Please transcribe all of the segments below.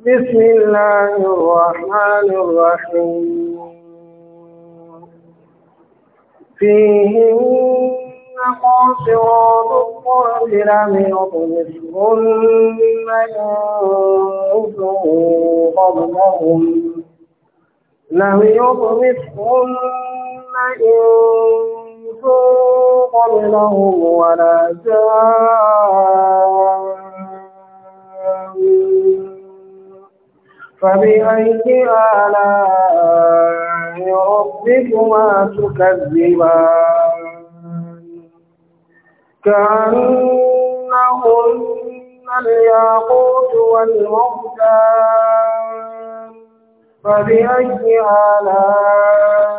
بسم الله الرحمن الرحيم فيهن قاصرات الطرف لم يطمثهن إنس قبلهم لم يطمثهن إنس قبلهم ولا جاء فبأي آلاء ربكما تكذبان كأنهن الياقوت والمغتان فبأي آلاء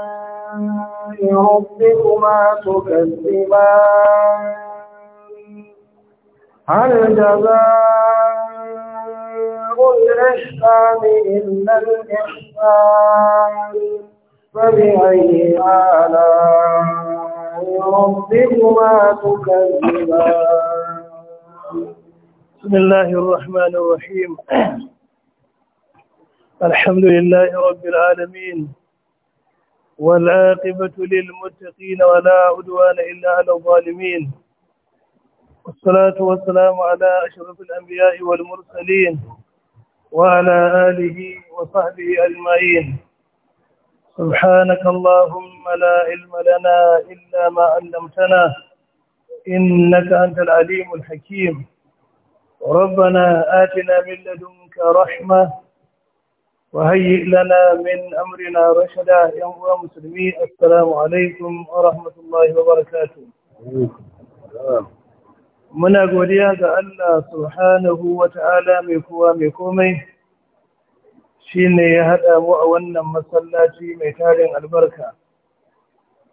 ربكما تكذبان هل جزاء الإحسان إلا الإحسان فبأي آلاء ربكما تكذبان بسم الله الرحمن الرحيم الحمد لله رب العالمين والعاقبة للمتقين ولا عدوان إلا على الظالمين والصلاة والسلام على أشرف الأنبياء والمرسلين وعلى آله وصحبه أجمعين سبحانك اللهم لا علم لنا إلا ما علمتنا إنك أنت العليم الحكيم ربنا آتنا من لدنك رحمة وهيئ لنا من أمرنا رشدا يا مسلمين السلام عليكم ورحمة الله وبركاته muna godiya ga Allah subhanahu wa ta'ala mai kowa mai komai shi ne ya haɗa mu a wannan masallaci mai tarin albarka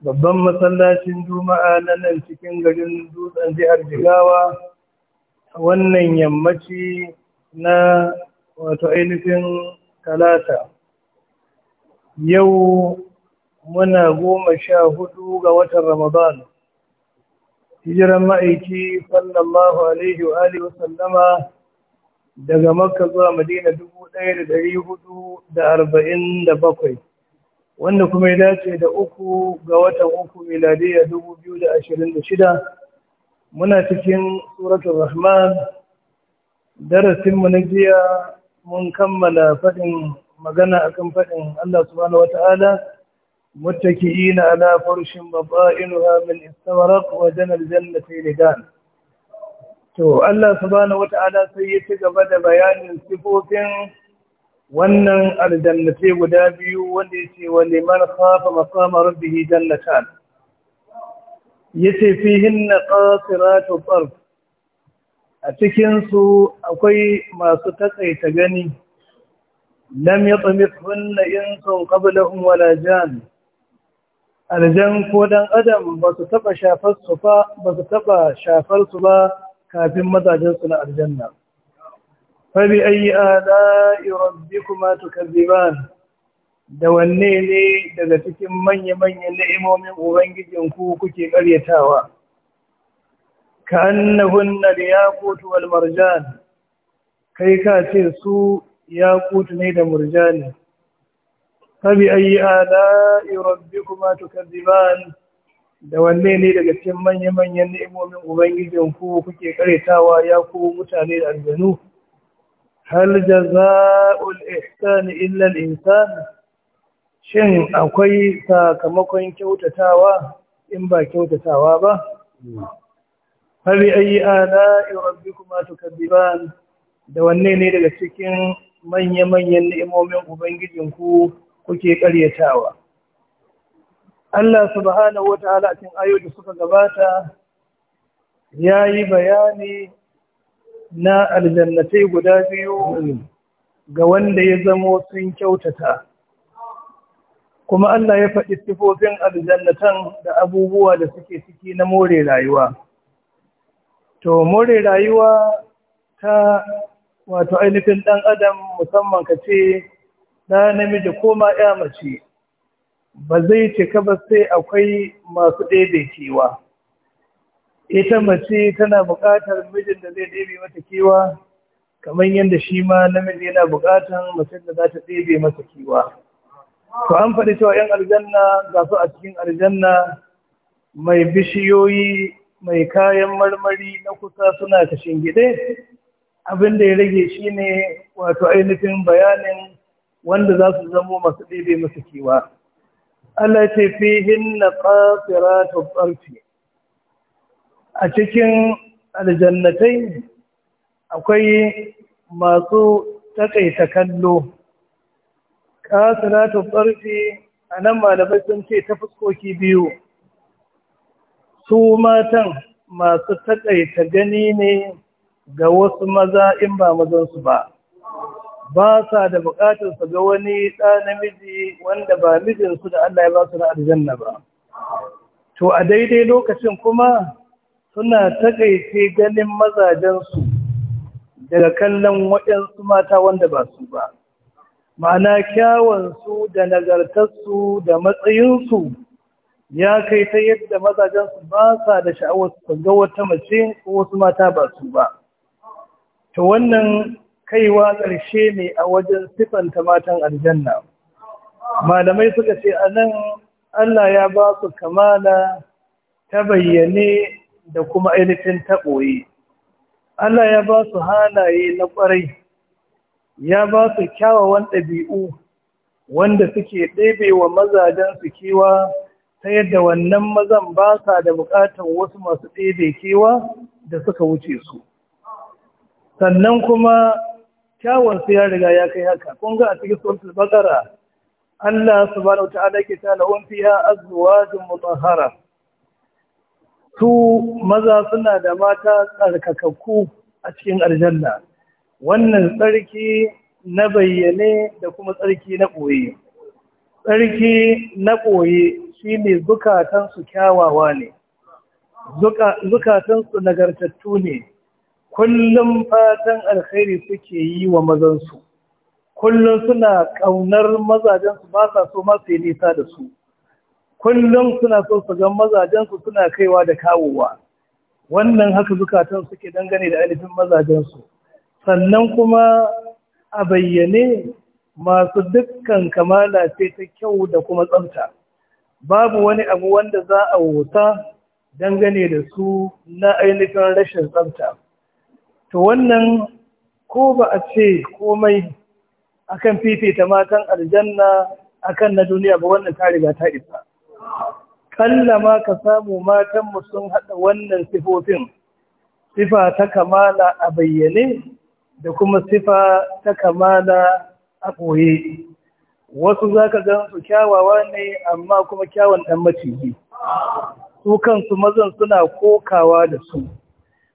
babban masallacin juma'a na nan cikin garin dutsen jihar jigawa a wannan yammaci na wato ainihin talata yau muna goma sha hudu ga watan ramadan hijiran ma'aiki sallallahu alaihi wa alihi wasallama daga makka zuwa madina dubu ɗaya da dari hudu da arba'in da bakwai wanda kuma ya dace da uku ga watan uku miladiya dubu biyu da ashirin da shida muna cikin suratun rahman darasinmu na jiya mun kammala faɗin magana akan faɗin Allah subhanahu wata'ala متكئين على فرش بطائنها من استبرق وجنى الجنة لدان to Allah subhanahu wata'ala sai ya ci gaba da bayanin sifofin wannan aljannatai guda biyu wanda ya ce wa liman khafa maqama rabbih jannatan yace fihin ƙasiratu tarf a cikinsu akwai masu taƙaita gani lam ya tsami hunna in sun wala jan aljan ko ɗan adam ba su taɓa shafarsu ba ba su taɓa shafarsu ba kafin mazajensu na aljanna fabi ayi ala irabbi kuma da wanne ne daga cikin manya-manyan ni'imomin ubangijinku kuke ƙaryatawa كأنهن الياقوت والمرجان كي كاتر سوء su نيد مرجان فبأي آلاء ربكما تكذبان da wanne ne daga cikin manya-manyan ni'imomin Ubangijin ku kuke karetawa ya ku mutane da aljanu hal jaza'ul ihsan illa al-insan shin akwai sakamakon kyautatawa in ba kyautatawa ba فبأي آلاء ربكما تكذبان da wanne ne daga cikin manya-manyan ni'imomin Ubangijinku kuke ƙaryatawa. Allah subhanahu wa ta'ala a cikin ayo da suka gabata ya yi bayani na aljannatai guda biyu ga wanda ya zamo sun kyautata. Kuma Allah ya faɗi sifofin aljannatan da abubuwa da suke ciki na more rayuwa. to more rayuwa ta wato ainihin ɗan adam musamman ka ce na namiji ko ma ya mace ba zai ce ka ba sai akwai masu kewa. ita mace tana buƙatar mijin da zai ɗebe mata kewa kamar yadda shi ma namiji yana buƙatar mace da za ta ɗebe masa kewa to an faɗi cewa 'yan aljanna ga su a cikin aljanna mai bishiyoyi mai kayan marmari na kusa suna kashin gide abin da ya rage shi ne wato ainihin bayanin wanda za su zamo masu ɗebe masu kewa Allah ce fihin na ƙasiratu ƙarfi a cikin aljannatai akwai masu takaita kallo ƙasiratu ƙarfi a nan malamai sun ce ta fuskoki biyu su matan masu taƙaita gani ne ga wasu maza in ba mazansu ba ba sa da bukatar ga wani ɗa namiji wanda ba mijinsu da Allah ya ba su na aljanna ba to a daidai lokacin kuma suna taƙaice ganin mazajensu daga kallon waɗansu mata wanda ba su ba ma'ana kyawansu da nagartarsu da matsayinsu ya kai ta yadda mazajen su ba sa da sha'awar su wata mace ko wasu mata ba su ba Ta wannan kaiwa ƙarshe ne a wajen siffanta matan aljanna malamai suka ce a nan Allah ya ba su kamala ta bayyane da kuma ainihin taɓoye. Allah ya ba su halaye na ƙwarai, ya ba su kyawawan ɗabi'u wanda suke ɗebe wa mazajen su kewa ta yadda wannan mazan ba sa da bukatan wasu masu ɗebe kewa da suka wuce su sannan kuma kyawun su ya riga ya kai haka kun ga a cikin suratul baqara Allah subhanahu wataala ke ta lahum fiha jin mutahara su maza suna da mata tsarkakakku a cikin aljanna wannan tsarki na bayyane da kuma tsarki na ɓoye tsarki na ɓoye shine zukatansu kyawawa ne zukatansu nagartattu ne kullum fatan alkhairi suke yi wa mazansu kullum suna ƙaunar mazajensu ba sa so masu yi nisa da su kullum suna so su ga mazajensu suna kaiwa da kawowa wannan haka zukatan suke dangane da alifin mazajensu sannan kuma a bayyane masu dukkan kamala sai ta kyau da kuma tsanta. babu wani abu wanda za a wuta dangane da su na ainihin rashin tsafta to wannan ko ba a ce komai akan fifita matan aljanna akan na duniya ba wannan ta riga ta isa Kalla ma ka samu matanmu sun haɗa wannan sifofin sifa ta kamala a bayyane da kuma sifa ta kamala a ɓoye wasu za ka gan su kyawawa ne amma kuma kyawun ɗan maciji su kansu mazan suna kokawa da su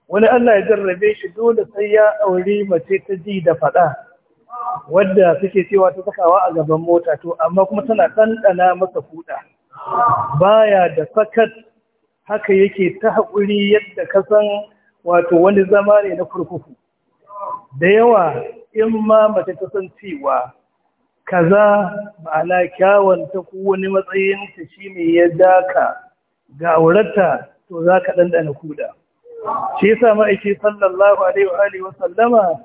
wani Allah ya jarrabe shi dole sai ya auri mace ta ji da faɗa wadda suke cewa ta sakawa a gaban mota to amma kuma tana ɗanɗana masa kuɗa baya da sakat haka yake ta haƙuri yadda ka san wato wani zama ne na kurkuku da yawa in ma mace ta san cewa kaza ma'ana kyawun ta kowane matsayin ta shi ne ya daka ga aurata to za ka ɗanɗana kuda shi sa ma'aiki sallallahu alaihi wa alihi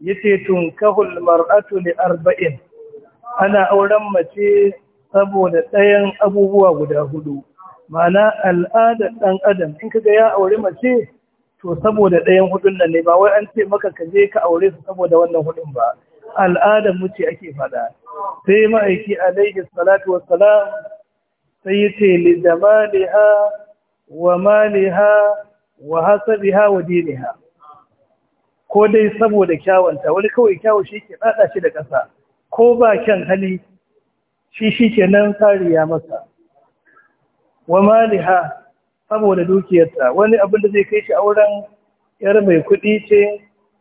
Ya ce tun tunkahul mar'atu ne arba'in ana auren mace saboda ɗayan abubuwa guda hudu ma'ana al'adar ɗan adam in kaga ya aure mace to saboda ɗayan hudun nan ne ba wai an ce maka ka je ka aure su saboda wannan hudun ba al'adar mu ce ake faɗa sai ma'aiki alaihi salatu wassalam sai ya ce da Maliha wa maliha wa hasabiha wa diniha ko dai saboda kyawanta wani kawai kyawo shi ke ɗaɗa shi da ƙasa ko ba kyan hali shi shi ke nan kariya masa wa maliha saboda dukiyarta wani abin da zai kai shi auren yar mai kuɗi ce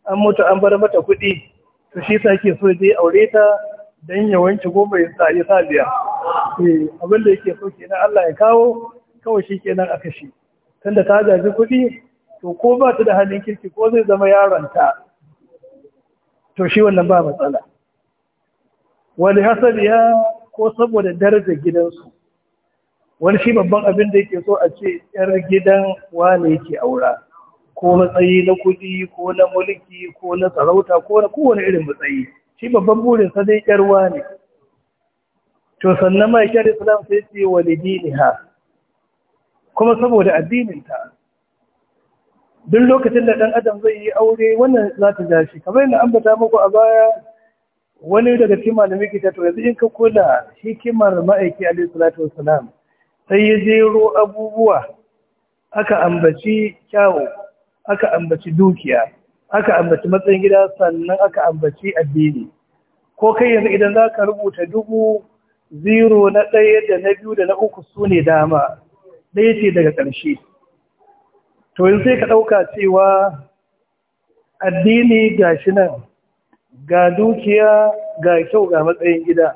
an mutu an bar mata kuɗi to shi sa ke so zai aure ta don ya wanke goma ya sa ya sa biya eh, abin da yake so kenan Allah ya kawo kawai shi kenan a kashe tunda ta zaji kuɗi to ko ba ta da halin kirki ko zai zama yaronta to shi wannan ba matsala wani ya ko saboda daraja gidansu wani shi babban abin da yake so a ce yar gidan wane yake aura ko matsayi na kuɗi ko na mulki ko na sarauta ko na kowane irin matsayi shi babban burinsa dai ƙyarwa ne to sannan mai islam sai ce ha? kuma saboda addininta duk lokacin da ɗan adam zai yi aure wannan za ta ja shi kamar yadda bata muku a baya wani daga cikin malamai ke ta to yanzu in ka kula hikimar ma'aiki alayhi salatu wassalam sai ya jero abubuwa aka ambaci kyawu aka ambaci dukiya aka ambaci matsayin gida sannan aka ambaci addini ko kai yanzu idan za ka rubuta dubu zero na ɗaya da na biyu da na uku su ne dama ɗaya ce daga ƙarshe to yanzu sai ka ɗauka cewa addini ga shi nan ga dukiya ga kyau ga matsayin gida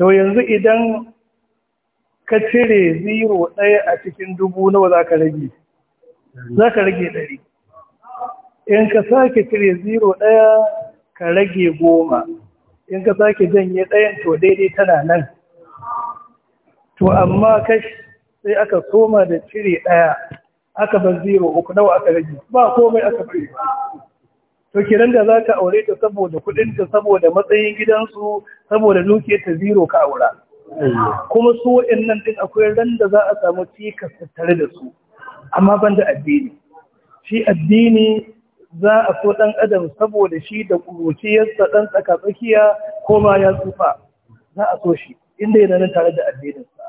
to yanzu idan ka cire zero ɗaya a cikin dubu nawa za ka rage za ka rage ɗari in ka sake cire zero ɗaya ka rage goma in ka sake janye ɗayan to daidai tana nan to amma kashi sai aka soma da cire ɗaya aka bar zero uku nawa aka rage ba komai aka bari to kiran da za ka aure ta saboda ta saboda matsayin gidansu saboda nuke ta zero ka aura kuma su nan din akwai ran da za a samu cikas tattare da su amma ban da addini shi addini za a so ɗan adam saboda shi da ƙuruciyarsa ɗan tsakatsakiya ko ma ya tsufa za a so shi inda yana nan tare da addininsa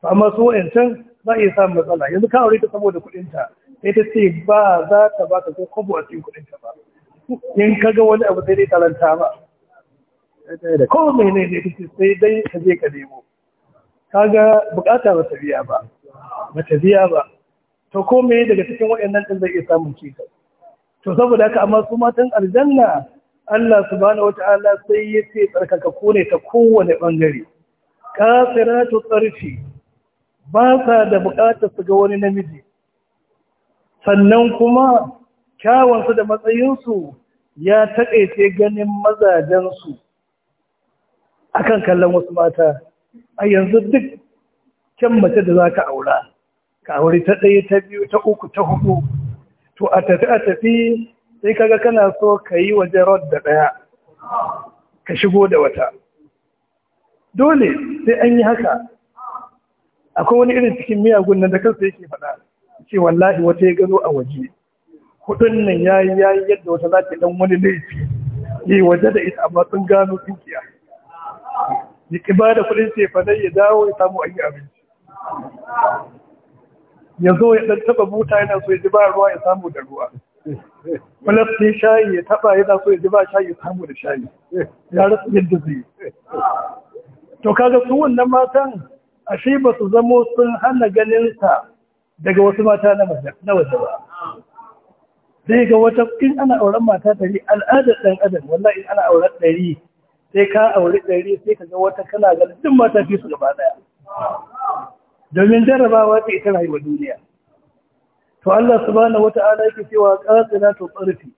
to amma so yancan za a iya samun matsala yanzu ka aure ta saboda kuɗinta sai ta ce ba za ta ba ka ko kwabo a cikin kuɗinta ba in ka ga wani abu sai dai talanta ba da ko mai ne ne ta sai dai ka je ka nemo ka ga bukata ba ta biya ba ba ta biya ba to ko daga cikin waɗannan ɗin zai iya samun cikas to saboda haka amma su matan aljanna Allah subhanahu wata'ala sai ya ce tsarkaka ne ta kowane bangare kasiratu tsarfi ba sa da buƙatar su ga wani namiji sannan kuma kyawansu da matsayinsu ya taƙaice ganin mazajensu akan kallon wasu mata a yanzu duk kyan mace da za ka aura ka aure ta ɗaya ta biyu ta uku ta hudu to a tafi a tafi sai kaga kana so ka yi waje rod da ɗaya ka shigo da wata dole sai an yi haka akwai wani irin cikin miyagun nan da kansa yake faɗa ce wallahi wata ya gano a waje kudin nan ya yi ya yi yadda wata za ta dan wani laifi yi waje da ita amma sun gano dukiya ya ƙi ba da kudin ce faɗai ya dawo ya samu a yi abinci ya zo ya ɗan taɓa buta yana so ya ji ba ruwa ya samu da ruwa plus ne shayi ya taɓa yana so ya ji ba shayi ya samu da shayi ya rasu yadda zai to kaga su wannan matan ashe ba su zamo sun hana ganinsa daga wasu mata na waje ba sai ga wata in ana auren mata ɗari al'adar ɗan adam wallahi in ana auren ɗari sai ka auri ɗari sai ka ga wata kana ganin duk mata fi su gaba ɗaya domin jarrabawa ta ita rayuwar duniya to Allah subhanahu wata'ala yake cewa qasina to tsarfi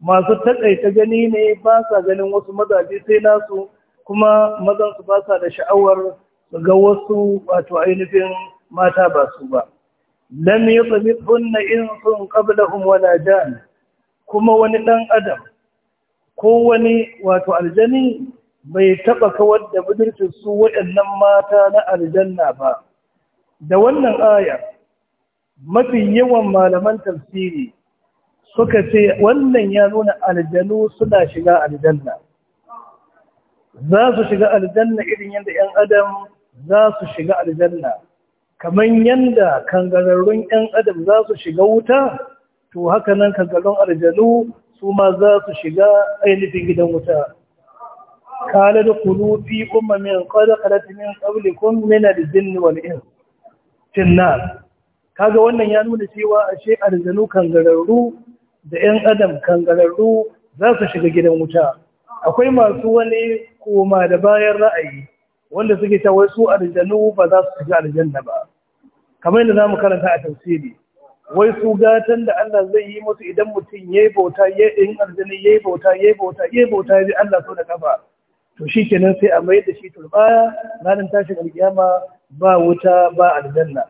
masu takaita gani ne ba sa ganin wasu mazaje sai nasu kuma mazan su ba sa da sha'awar ga wasu wato ainihin mata ba su ba lam yatmithunna insun qablahum wala jan kuma wani dan adam ko wani wato aljani bai taba kawar da budurcin su waɗannan mata na aljanna ba da wannan aya mafi yawan malaman tafsiri suka ce wannan ya nuna aljanu suna shiga aljanna za su shiga aljanna irin yadda 'yan adam za su shiga aljanna kamar yadda kangararrun 'yan adam za su shiga wuta to haka nan kangararrun aljanu su ma za su shiga ainihin gidan wuta kala da kulu fi umma min qad min qablikum min da jini wani ka kaga wannan ya nuna cewa ashe arzanu kangararru da 'yan adam kangararru za su shiga gidan wuta akwai masu wani koma da bayan ra'ayi wanda suke ta wai su aljanu ba za su shiga aljanna ba kamar yadda zamu karanta a tafsiri wai su gatan da Allah zai yi musu idan mutum yayi bauta yayi in aljani yayi bauta yayi bauta yayi bauta yayi Allah so da kafa to shikenan sai a mai da shi turbaya ranar tashin alkiyama ba wuta ba aljanna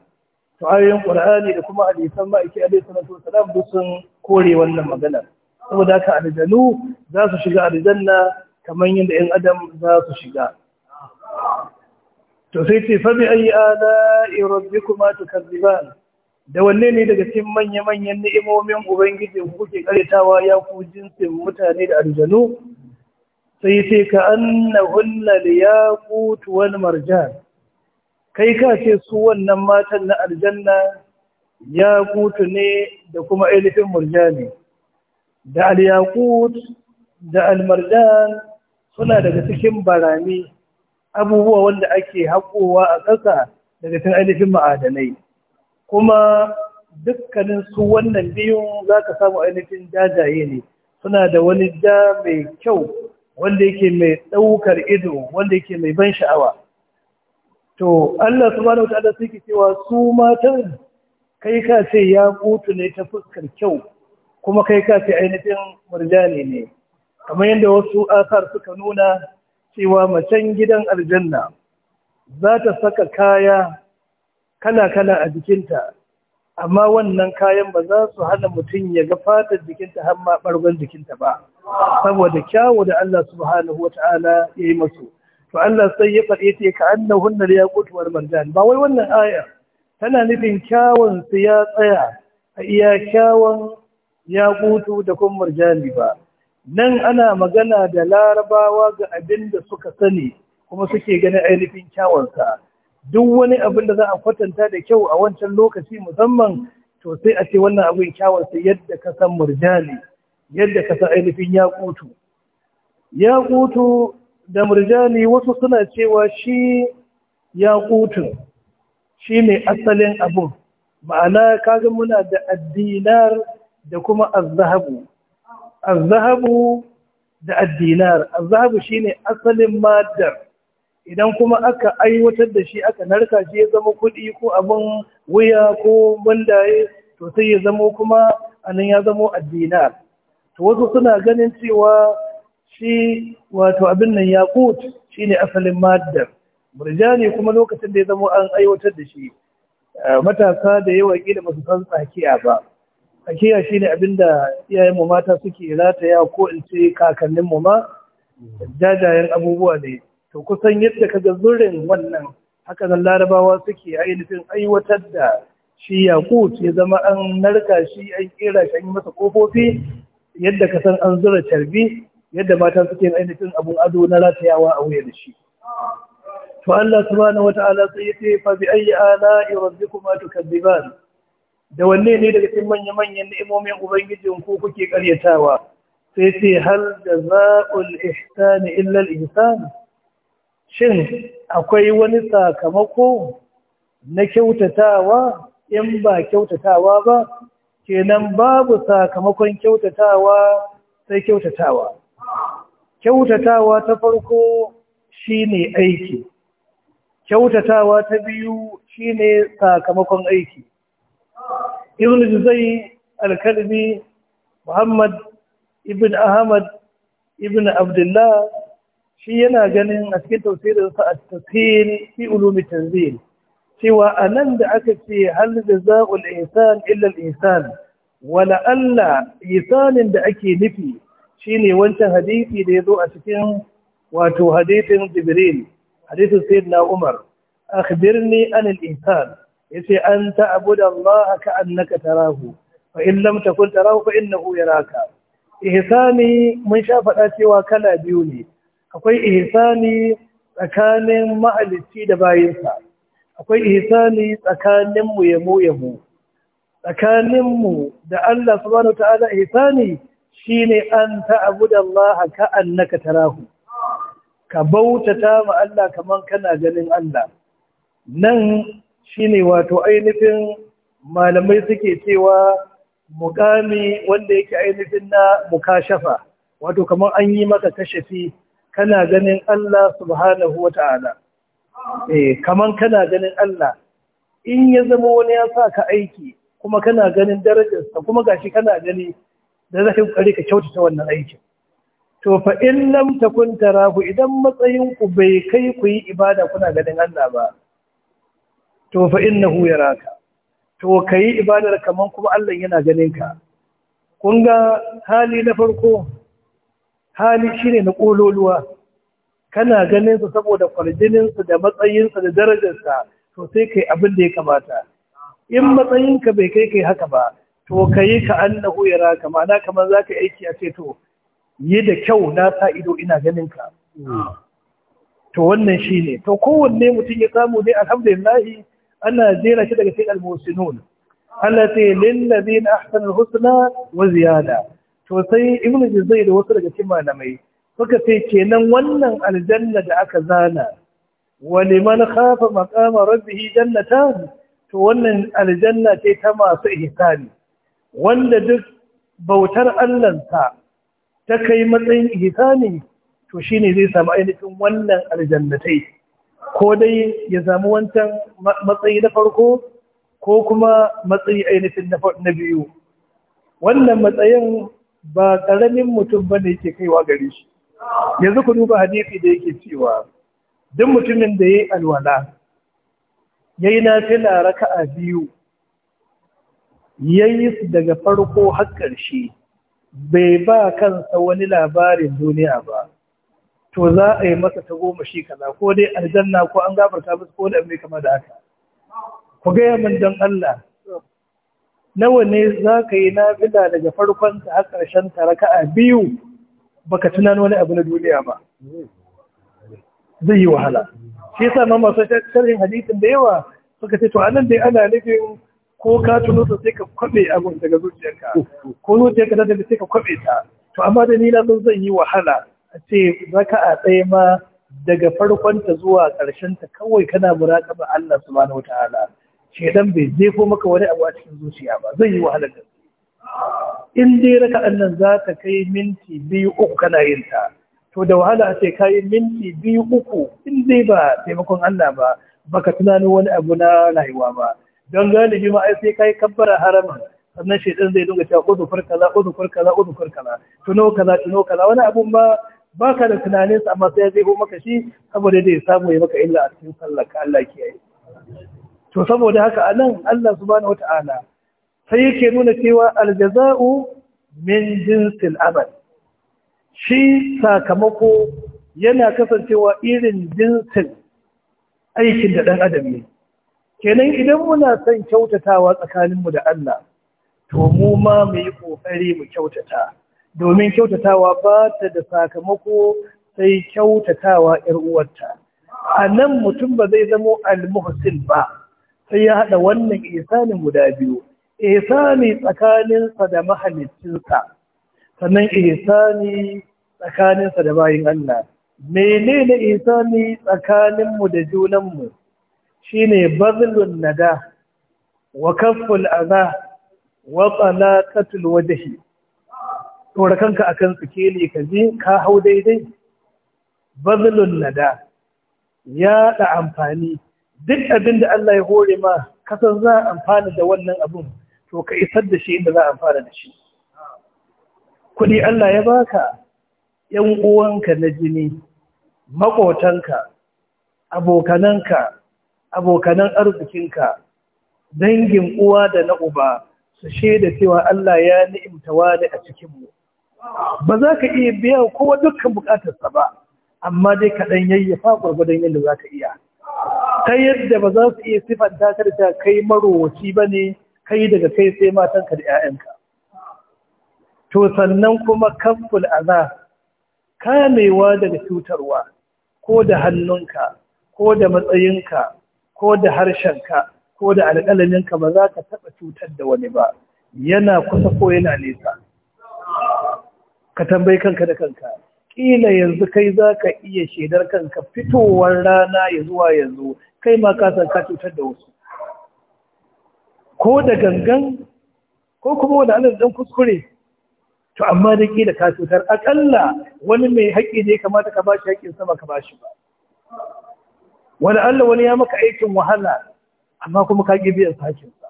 to ayoyin qur'ani da kuma hadisan ake alayhi salatu wasalam duk sun kore wannan magana saboda ka aljanu za su shiga aljanna kamar yadda yan adam za su shiga to sai ce fa bi ayi ala'i rabbikuma tukazziban da wanne ne daga cikin manya-manyan ni'imomin ubangiji kuke karetawa ya ku jinsin mutane da aljanu sai ce ka annahunna liyaqut wal marjan kai ka ce su wannan matan na aljanna ya kutu ne da kuma ainihin murjani da al-yaqut da al-marjan suna daga cikin barami abubuwa wanda ake haƙowa a ƙasa daga cikin ainihin ma'adanai kuma dukkanin su wannan biyun za ka samu ainihin jajaye ne suna da wani ja mai kyau wanda yake mai ɗaukar ido wanda yake mai ban sha'awa to Allah subhanahu wataala sai suke cewa su matan kai ka ce ya kutu ne ta fuskar kyau kuma kai ka ce ainihin murjani ne kamar yadda wasu asar suka nuna cewa macen gidan aljanna za ta saka kaya kala-kala a jikinta amma wannan kayan ba za su hana mutum ya ga fatar jikinta har ma bargon jikinta ba saboda kyawu da Allah subhanahu wata'ala ya yi masu to Allah sai ya faɗe ce ka da liyaqut wal marjan ba wai wannan aya tana nufin kyawun su ya tsaya a iya kyawun yaqutu da kuma marjani ba nan ana magana da larabawa ga abin da suka sani kuma suke ganin ainihin kyawunsa duk wani abin da za a kwatanta da kyau a wancan lokaci musamman to sai a ce wannan abin kyawunsa yadda ka san murjani yadda ka san ainihin ya kutu da murjani wasu suna cewa shi ya kutu shi ne asalin abun ma'ana kaga muna da addinar da kuma azzahabu azzahabu da addinar azzahabu shi ne asalin madar idan kuma aka aiwatar da shi aka narka shi ya zama kuɗi ko abin wuya ko bandaye to sai ya zama kuma anan ya zama addinar to wasu suna ganin cewa shi wato abin nan shi ne asalin maddar murjani kuma lokacin da ya zama an aiwatar da shi eh, matasa da yawa kila ba su san tsakiya ba tsakiya ne abin da iyayen mu mata suke rataya ko in ce kakannin mu ma jajayen abubuwa ne to kusan yadda ka ga zurin wannan haka nan larabawa suke ainihin aiwatar da shi yakut ya zama an narka shi an kera shi an yi masa kofofi yadda ka san an zura carbi. yadda mata suke ainihin abun ado na ratayawa a wuya da shi to Allah subhanahu ala sai ya ce fa bi ayyi ala'i rabbikuma tukazziban da wanne ne daga cikin manya manyan ni'imomin ubangijin ku kuke karyatawa sai ce hal jazaa'ul ihsani illa al ihsan shin akwai wani sakamako na kyautatawa in ba kyautatawa ba kenan babu sakamakon kyautatawa sai kyautatawa kyautatawa ta farko shine aiki kyautatawa ta biyu shine sakamakon aiki ibn zai al muhammad ibn ahmad ibn abdullah shi yana ganin a cikin sa a tafsir fi ulumi tanzil cewa a nan da aka ce hal da za'ul isan illa al ihsan wala alla isanin da ake nufi shine wancan hadisi da ya zo a cikin wato hadisin jibril hadisin na umar akhbirni anil al-insan yace an ta'budu allaha ka annaka tarahu fa in lam takun tarahu fa innahu yaraka ihsani mun sha faɗa cewa kala biyu ne akwai ihsani tsakanin mahalicci da bayinsa akwai ihsani tsakanin mu ya mu tsakanin mu da Allah subhanahu ta'ala ihsani Shi ne an ta'budu Allah ka annaka tarahu ka bautata ma Allah kamar kana ganin Allah nan shi ne wato ainihin malamai suke cewa mukami wanda yake ainihin na mukashafa wato kamar an yi maka kashafi kana ganin Allah subhanahu ta'ala. eh kamar kana ganin Allah in ya zama wani ya sa ka aiki kuma kana ganin darajarsa kuma gashi kana gani da za ka kokari ka kyautata wannan aikin to fa in lam takun tarahu idan matsayin ku bai kai ku yi ibada kuna ganin Allah ba to fa innahu yaraka to kai ibadar kamar kuma Allah yana ganin ka kun ga hali na farko hali shine na kololuwa kana ganin su saboda kwarjininsu da matsayinsu da darajarsa to sai kai abin da ya kamata in matsayinka bai kai kai haka ba to ka yi ka annahu raka, ma'ana kamar za ka aiki a ce yi da kyau na sa ido ina ganin ka to wannan shi ne to kowanne mutum ya samu ne alhamdulillahi ana jera shi daga cikin almusinun Allah ce lillazi na ahsanul husna wa ziyada to sai Ibn Jizai da wasu daga cikin malamai suka ce kenan wannan aljanna da aka zana wa liman khafa maqama rabbihi jannatan to wannan aljanna ce ta masu ihsani wanda duk bautar Allahnsa ta kai matsayin ihsani to shine zai samu ainihin wannan aljannatai ko dai ya samu wancan matsayi na farko ko kuma matsayi ainihin na biyu wannan matsayin ba karamin mutum bane yake kaiwa gare shi yanzu ku duba hadisi da yake cewa duk mutumin da yayi alwala yayi nafila raka'a biyu yayi yi su daga farko har ƙarshe bai ba kansa wani labarin duniya ba to za a yi masa ta goma shi kaza ko dai aljanna ko an gafarta musu ko da mai kama da haka ku gaya min don Allah nawa ne za ka yi nafila daga farkon ta har ƙarshen ta raka'a biyu baka tunan wani abu na duniya ba zai yi wahala shi yasa ma masu sharhin hadisin da yawa suka ce to anan dai ana nufin ko ka tuno ta sai ka kwabe abin daga zuciyarka ko zuciyarka ta daga sai ka kwabe ta to amma da ni na san zan yi wahala a ce a tsaye ma daga farkon ta zuwa ƙarshen ta kawai kana muraqaba Allah subhanahu wataala dan bai je ko maka wani abu a cikin zuciya ba zan yi wahala da in dai raka nan za kai minti biyu uku kana yin ta to da wahala a ce ka yi minti biyu uku in dai ba taimakon Allah ba baka tunanin wani abu na rayuwa ba don galibi ma ai sai kai kabbara harama sannan dan zai dinga cewa uzufur kaza uzufur kaza uzufur kaza tuno kaza tuno kaza wani abun ba baka da tunanin sa amma sai zai ho maka shi saboda dai samu ya maka illa a cikin sallar ka Allah kiyaye to saboda haka anan Allah subhanahu wataala sai yake nuna cewa aljaza'u min jinsil amal shi sakamako yana kasancewa irin jinsin aikin da ɗan adam ne kenan idan muna son kyautatawa tsakaninmu da Allah to mu ma mu yi ƙoƙari mu kyautata domin kyautatawa ba ta da sakamako sai kyautatawa ‘yar uwarta a nan mutum ba zai zamo almuhsin ba sai ya haɗa wannan isanin guda biyu isani tsakaninsa da mahaliccinsa sannan isani tsakaninsa da bayin Allah menene isani tsakaninmu da junanmu shine bazlun nada wa kaful adha wa talaqatul wajhi tora kanka akan tsikeli ka ka hau daidai bazlun nada ya da amfani duk abin da Allah ya hore ma kasan za a amfana da wannan abun to ka isar da shi inda za a amfana da shi kuɗi Allah ya baka ‘yan uwanka na jini, makotanka abokananka, abokanan arzikinka dangin uwa da na uba su shaida cewa Allah ya ni'imta wani a cikinmu ba za ka iya biya kowa dukkan bukatarsa ba amma dai kaɗan yayyafa gwargwadon yadda za ka iya ta yadda ba za su iya sifanta ka da kai marowaci ba ne kai daga kai sai matanka da 'ya'yanka to sannan kuma kaful aza kamewa daga cutarwa ko da hannunka ko da matsayinka ko da harshenka ko da alƙalaminka ba za ka taɓa cutar da wani ba yana kusa ko yana nesa ka tambayi kanka da kanka ƙila yanzu kai za ka iya shaidar kanka fitowar rana ya zuwa yanzu kai ma ka san ka cutar da wasu ko da gangan ko kuma wani alal dan kuskure to amma da ƙila ka cutar aƙalla wani mai haƙƙi ne kamata ka bashi haƙƙin sama ka bashi ba wani Allah wani ya maka aikin wahala amma kuma ka ƙi biyan sakinsa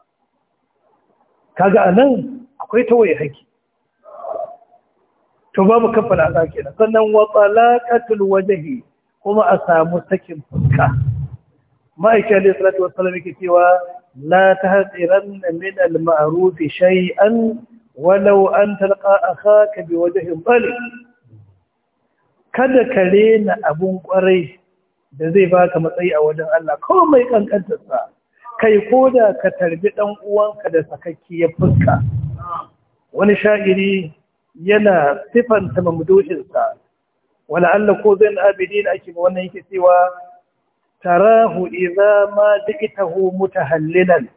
kaga a nan akwai waye haƙi to babu kafala a kenan sannan wa talaqatul wajahi, kuma a samu sakin fuska ma'aikata alayhi salatu wassalam yake cewa la tahqiranna min al-ma'ruf shay'an walau an talqa akhaka biwajhin talib kada ka rena abun kwarai da zai baka matsayi a wajen Allah kawai mai kankantarsa kai ko da ka tarbi ɗan uwanka da sakakki ya fuska wani sha'iri yana sifanta mamduhinsa wala Allah ko zai abidin ake ba wannan yake cewa tarahu idza ma ji'tahu mutahallilan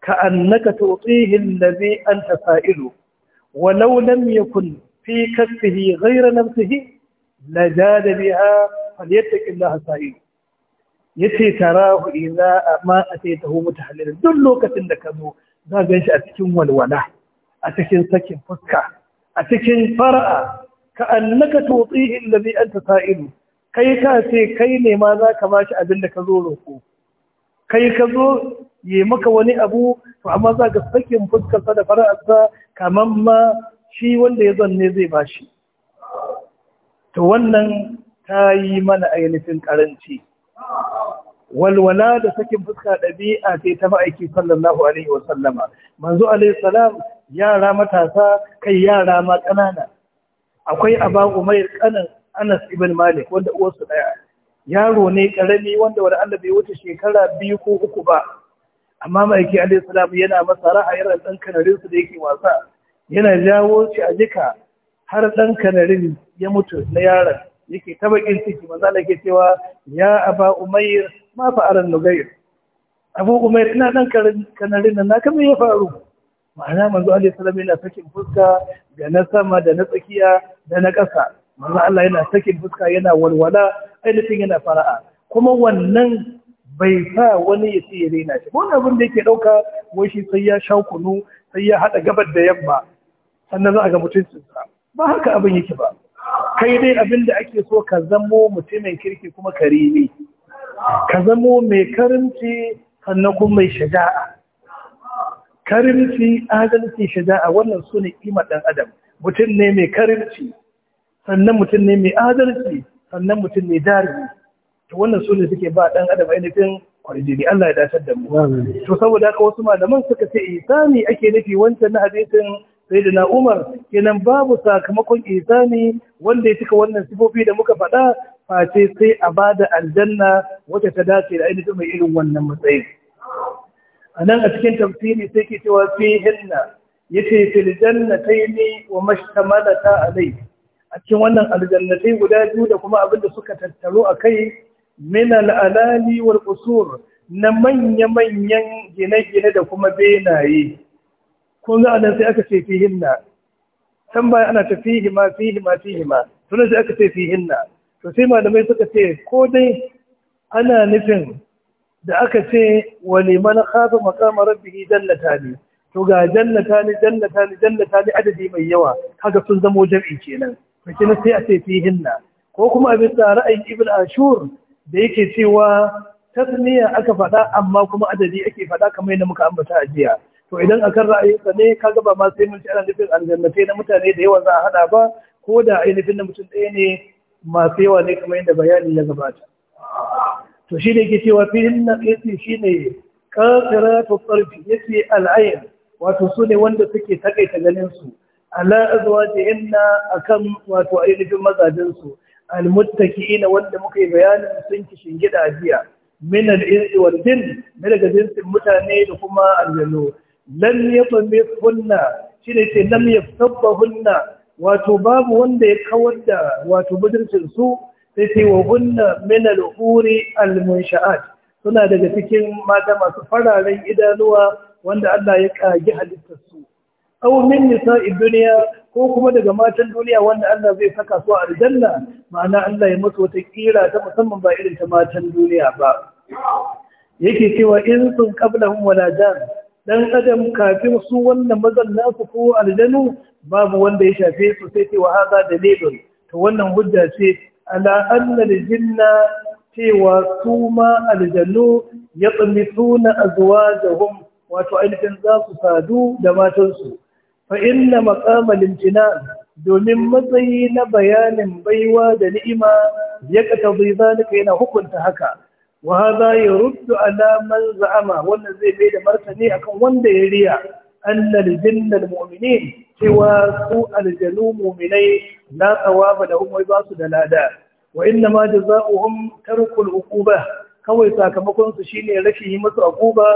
ka annaka tu'tihi allazi anta sa'ilu walau lam yakun fi kasbihi ghayra nafsihi lajada biha falyattaqillaha sa'i yace tarahu idza ma ataitahu mutahallilan duk lokacin da ka zo za ga shi a cikin walwala a cikin sakin fuska a cikin fara'a ka annaka tutihi allazi anta sa'ilu kai ka ce kai ne ma za ka bashi abin da ka zo roko kai ka zo yi maka wani abu to amma za ka sakin fuska da fara'arsa kamar ma shi wanda ya zanne zai bashi to wannan ta yi mana ainihin karanci walwala da sakin fuska ɗabi'a ce ta ma'aiki sallallahu alaihi wa sallama manzo alaihi salam yara matasa kai yara ma ƙanana akwai aba umair kanan anas ibn malik wanda uwarsu ɗaya yaro ne ƙarami wanda wani allah bai wuce shekara biyu ko uku ba amma ma'aiki alaihi salam yana masa ran ɗan kanarin su da yake wasa yana jawo shi a jika har ɗan kanarin ya mutu na yaron yake ta bakin ciki manzo Allah yake cewa ya aba umayr ma aran nugayr abu umayr ina dan kanarin nan na me ya faru ma'ana manzo Allah sallallahu yana sakin fuska ga na sama da na tsakiya da na ƙasa manzo Allah yana sakin fuska yana walwala ainihin yana fara'a kuma wannan bai sa wani ya ce ya rena shi wani abin da yake ɗauka wai shi sai ya sha kunu sai ya haɗa gabar da yamma sannan za a ga mutuncinsa ba haka abin yake ba kai dai abin da ake so ka zamo mutumin kirki kuma ne ka zamo mai karimci sannan kuma mai shaja'a karimci adalci shaja'a wannan su ne kima ɗan adam mutum ne mai karimci sannan mutum ne mai adalci sannan mutum ne jari to wannan su ne suke ba ɗan adam ainihin kwarjini Allah ya dace da mu to saboda haka wasu malaman suka ce ihsani eh, ake nufi wancan na hadisin sai da umar kenan babu sakamakon isani wanda ya cika wannan sifofi da muka faɗa face sai a bada aljanna wata ta dace da ainihin mai irin wannan matsayi a nan a cikin tafsiri sai ke cewa fi hinna ya ce ta yi ne wa mashtamalata alai a cikin wannan aljannatai guda biyu da kuma abin da suka tattaro a kai min al'alali wal na manya-manyan gine-gine da kuma benaye kun a nan sai aka ce fihinna can baya ana ta fihima fihima fihima Suna sai aka ce fihinna to sai malamai suka ce ko dai ana nufin da aka ce wani man khafa maqama rabbih jannata ne to ga jannata ne jannata ne jannata ne adadi mai yawa kaga sun zamo jami'i kenan to kina sai a ce na. ko kuma abin da ra'ayin ibn ashur da yake cewa tasniya aka faɗa amma kuma adadi ake faɗa kamar yadda muka ambata a jiya to idan akan ra'ayinsa ne ka gaba ma sai mun ci ana nufin aljannatai na mutane da yawa za a hada ba ko da ainihin na mutum ɗaya ne masu yawa ne kamar yadda bayani ya gabata to shi ne ke cewa filin na ƙasi shi ne ƙasira ta tsarfi ya ce al'ayin wato su ne wanda suke takaita ganinsu ala azuwa ce inna akan wato ainihin mazajensu ina wanda muka yi bayanin sun ki gida jiya min al'irɗi wal daga jinsin mutane da kuma aljanu lam yatamithunna shine ce lam yaftabahunna wato babu wanda ya kawar da wato budurcin su sai wa hunna min al-huri al-munsha'at suna daga cikin mata masu fararen idanuwa wanda Allah ya kage halittar su aw min nisa'i dunya ko kuma daga matan duniya wanda Allah zai saka su a aljanna ma'ana Allah ya musu wata kira ta musamman ba irin ta matan duniya ba yake cewa in sun qablahum wala jan dan adam kafin su wannan mazan nasu ko aljanu babu wanda ya shafe su sai ce wa hada dalilun to wannan hujja ce ala anna aljinna cewa su ma aljanu da azwajahum wato ainihin za su sadu da matansu fa inna maqama limtina domin matsayi na bayanin baiwa da ni'ima ya katabi zalika yana hukunta haka وهذا يرد على من زعم وان زي بيد مرتني اكن wanda ya riya anna lil jinnal mu'minin cewa su aljanu mu'minai la thawaba lahum wa ba'su dalada wa inna ma jazaohum tarku ba? kawai sakamakonsu shine rashin yi musu aquba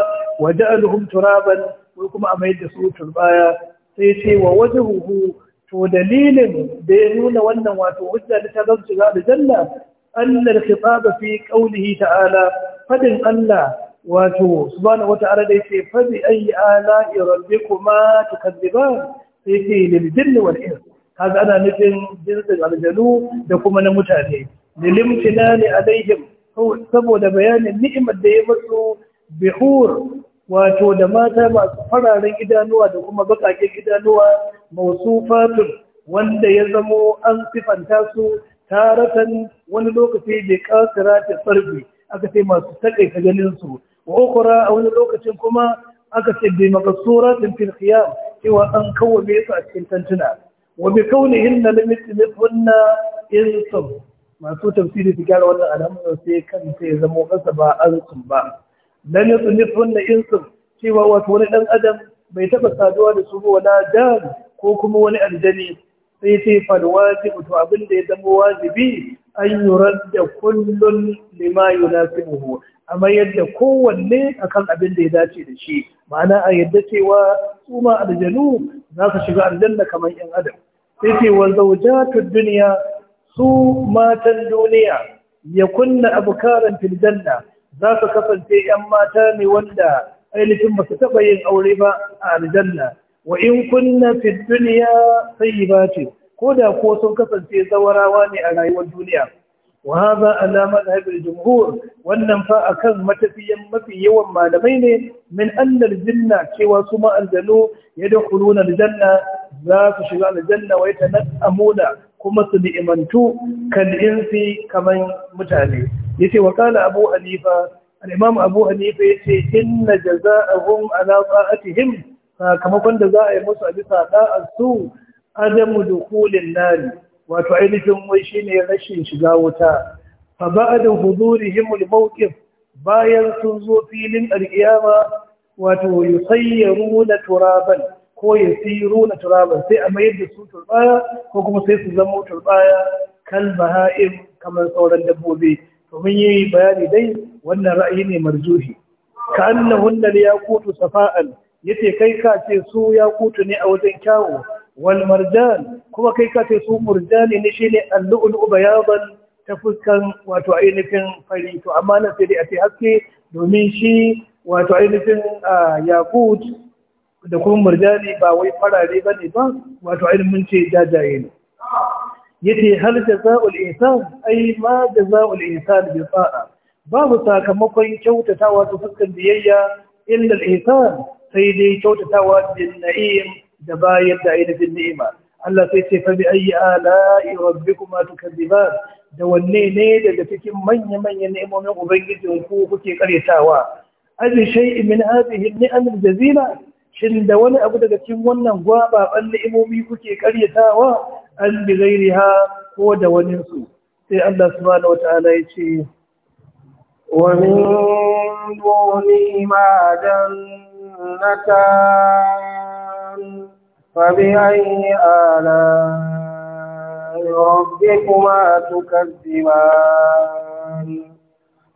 Waje ja'aluhum turaban ko kuma a da su turbaya sai cewa wa huhu. to dalilin da ya nuna wannan wato da ta gamsu ga aljanna أن الخطاب في قوله تعالى فدن الله واتو سبحانه وتعالى ليس فبأي آلاء ربكما تكذبان سيكي للجن والإنس هذا أنا نفن جنس على الجنوب دكما نموت عليه للامتنان عليهم هو سبو بيان النعمة ديمسو بحور wato da mata masu fararen idanuwa da kuma bakaken idanuwa mausufatun wanda ya zamo an sifanta su taratan wani lokaci bai kasira ta farbi aka ce masu taƙaita ganin su wa ukura a wani lokacin kuma aka ce bai makasura din fil qiyam cewa an kawwame su a cikin tantuna wa bi kaunihin na limitlifunna insu masu tafsiri su gyara wannan al'amuran sai kan sai zama kasa ba arzun ba limitlifunna insu cewa wato wani dan adam bai taɓa saduwa da su wala dan ko kuma wani aljani sai sai faruwa ce abin da ya zama wajibi an da kullun na yunasibuhu amma yadda kowanne akan abin da ya dace da shi ma'ana a yadda cewa su aljanu za ka shiga aljanna kamar yan adam sai ce wa zawjatud duniya su matan duniya ya kunna abkaran fil za ka kasance yan mata ne wanda ainihin ba su taɓa yin aure ba a aljanna wa in kunna fi dunya ce, ko da ko sun kasance zawarawa ne a rayuwar duniya wa hadha ala madhhab al-jumhur wannan fa akan matafiyan mafi yawan malamai ne min anna al-jinna cewa su ma aljanu yadkhuluna al-janna za su shiga aljanna wa yatanamuna kuma su ni'imantu kal insi kaman mutane yace wa qala abu hanifa al-imam abu hanifa yace inna jazaa'ahum ala ta'atihim sakamakon da za a yi musu a bisa a su adamu dukulin nari wato ainihin wai ne rashin shiga wuta fa ba'da hudurihim himul mawqif bayan sun zo filin alkiyama wato runa turaban ko runa turaban sai a mayar da su turbaya ko kuma sai su zama turbaya kal baha'im kamar sauran dabbobi to mun yi bayani dai wannan ra'ayi ne marjuhi ka annahunna yaqut safa'an yace kai ka ce su ya kutu ne a wajen kyawu wal marjan kuma kai ka ce su murjani ne shine al lulu ubayadan ta fuskan wato ainihin fari to amma na sai dai a ce haske domin shi wato ainihin yakut da kuma murjani ba wai farare ba ne ba wato ainihin ce jajaye ne yace hal jazaa'ul ihsan ai ma jazaa'ul ihsan bi ta'a babu sakamakon kyautatawa ta fuskan biyayya illa al-ihsan sai dai kyautatawa bin na'im da bayan da ainihin ni'ima Allah sai ce fa bi ayi kuma rabbikuma tukadziban da wanne ne daga cikin manya-manyan ni'imomin ubangijin ku kuke karyatawa abi shay'in min hadhihi ni'am al-jazila shin da wani abu daga cikin wannan ban ni'imomi kuke karyatawa an bi ghairiha ko da wani su sai Allah subhanahu wataala ya ce wa min dan مكان فبأي آلاء ربكما تكذبان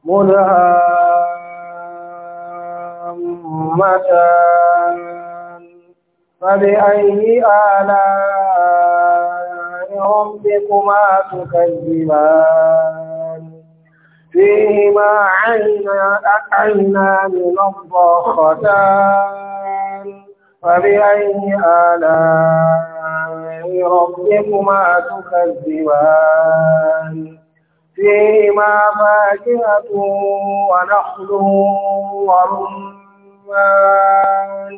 مدهامتان فبأي آلاء ربكما تكذبان فيهما عينا من الضختان فبأي آلاء ربكما تكذبان فيهما فاكهة ونخل ورمان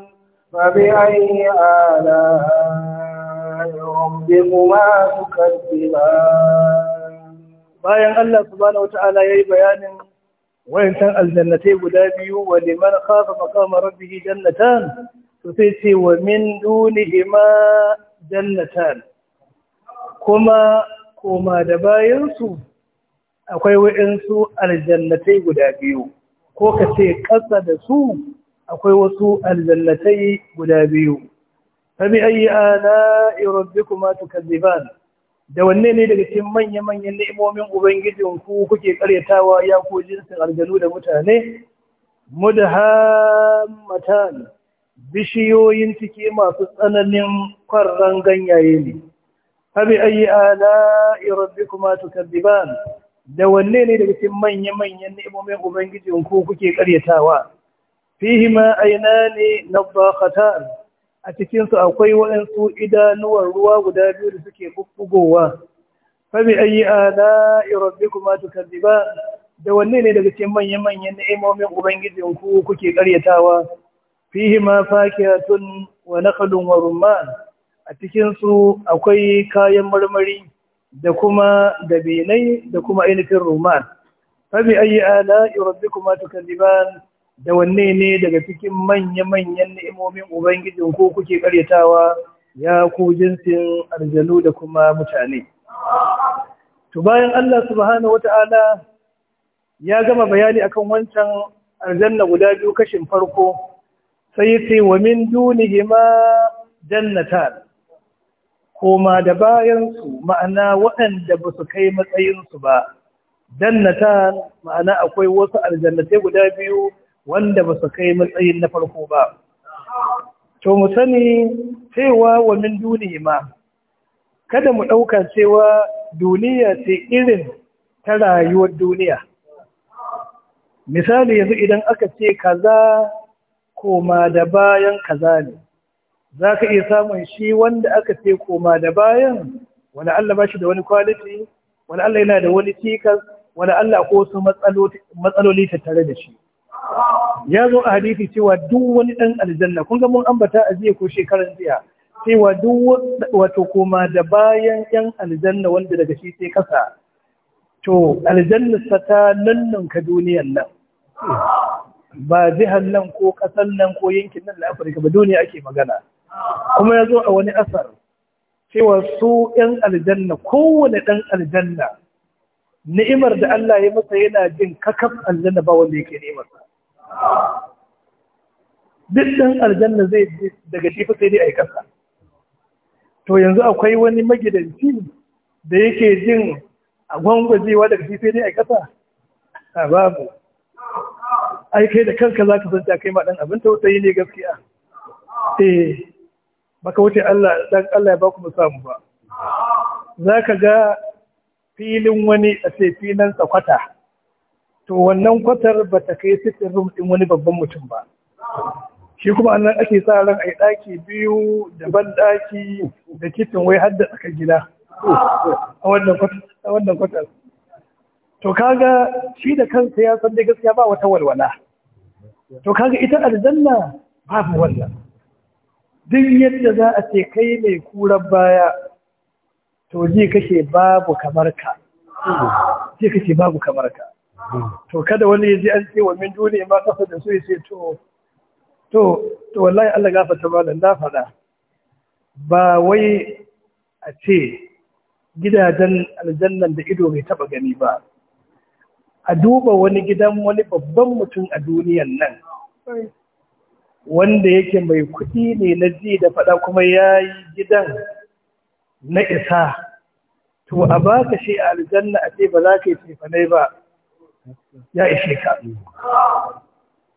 فبأي آلاء ربكما تكذبان bayan Allah subhanahu wata'ala yayi bayanin wayancan aljannatai guda biyu wa liman khafa maqama rabbih jannatan to sai ce wa min dunihima jannatan kuma koma da bayansu akwai waɗansu aljannatai guda biyu ko ka ce ƙasa da su akwai wasu aljannatai guda biyu fabi ayi ana irabbi kuma da wanne ne daga cikin manya-manyan ni'imomin ubangijin ku kuke karyatawa ya ku jinsin aljanu da mutane mudhammatan bishiyoyin ciki masu tsananin kwarran ganyaye ne abi ayi ala'i rabbikuma tukadziban da wanne ne daga cikin manya-manyan ni'imomin ubangijin ku kuke karyatawa fihima ma na nadhaqatan a cikinsu akwai waɗansu idanuwar ruwa guda biyu da suke bubbugowa fami ayi ala rabbikuma tukadziba da wanne ne daga cikin manyan manyan ni'imomin ubangijin ku kuke karyatawa fihi ma fakihatun wa nakhlun wa rumman a cikin su akwai kayan marmari da kuma dabinai da kuma ainihin rumman fami ayi ala rabbikuma tukadziban da wanne ne daga cikin manya-manyan ni'imomin ubangijin ko kuke karyatawa ya ku jinsin aljanu da kuma mutane to bayan Allah subhanahu wata'ala ya gama bayani akan wancan aljanna guda biyu kashin farko sai yace wa min dunihima jannatan koma da bayansu ma'ana waɗanda ba su kai matsayinsu ba jannatan ma'ana akwai wasu aljannatai guda biyu wanda ba su kai matsayin na farko ba to mu sani cewa wa min duniya ma kada mu ɗauka cewa duniya ce irin ta rayuwar duniya misali yanzu idan aka ce kaza koma da bayan kaza ne za ka iya samun shi wanda aka ce koma da bayan wani Allah ba shi da wani kwaliti wani Allah yana da wani cikas wani Allah ko su matsaloli tattare da shi ya zo a hadisi cewa duk wani ɗan aljanna kun ga mun ambata a jiya ko shekaran jiya cewa duk wato koma da bayan yan aljanna wanda daga shi sai kasa to aljanna ta nan ka duniyan nan ba jihar nan ko ƙasar nan ko yankin nan na Afirka ba duniya ake magana kuma ya zo a wani asar cewa su yan aljanna kowane ɗan aljanna ni'imar da Allah ya masa yana jin kakaf aljanna ba wanda yake ni'imarsa duk ɗan aljanna zai daga tifa sai dai a yi ƙasa to yanzu akwai wani magidanci da yake jin a gwangwajewa daga tifa sai dai a yi ƙasa a babu ai kai da kanka za ka zanta kai ma ta abin yi ne gaskiya eh baka wuce Allah ɗan Allah ya baku musamu ba za ka ga filin wani a ce filin tsakwata to wannan kwatar ba ta kai sitin rum ɗin wani babban mutum ba shi kuma annan ake sa ran ai ɗaki biyu da ban ɗaki da kitin wai har da tsakar gida a wannan kwatar to kaga shi da kansa ya san dai gaskiya ba wata walwala to kaga ita aljanna babu wannan duk yadda za a ce kai mai kuran baya to ji kake babu kamar ka ji kake babu kamar ka to kada wani ya ji an ce wa min duniya ma kasa da su ya ce to to to wallahi Allah gafarta da na faɗa ba wai a ce gidajen aljanna da ido mai taba gani ba a duba wani gidan wani babban mutum a duniyan nan wanda yake mai kuɗi ne na ji da faɗa kuma ya yi gidan na isa to a baka shi a aljanna a ce ba za ka yi tefanai ba ya ishe ka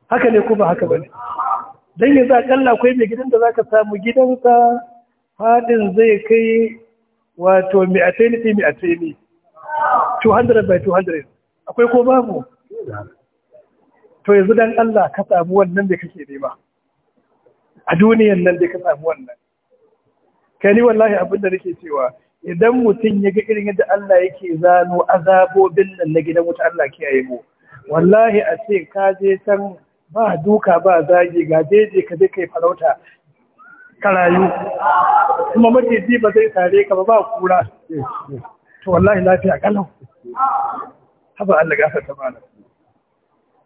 haka ne kuma haka bane dan yanzu akalla akwai mai gidan da zaka samu gidansa fadin zai kai wato mai ateni fi mai ateni 200 by 200 akwai ko babu to yanzu dan Allah ka samu wannan da kake nema a duniyan nan da ka samu wannan kai ni wallahi abin da nake cewa idan mutum ya ga irin yadda Allah yake zano azabobin nan na gidan wuta Allah kiyaye mu wallahi a ce ka je can ba duka ba zagi ga daidai ka je kai farauta ka rayu kuma maciji ba zai tare ka ba ba kura to wallahi lafiya kalau haba Allah gafar ta mana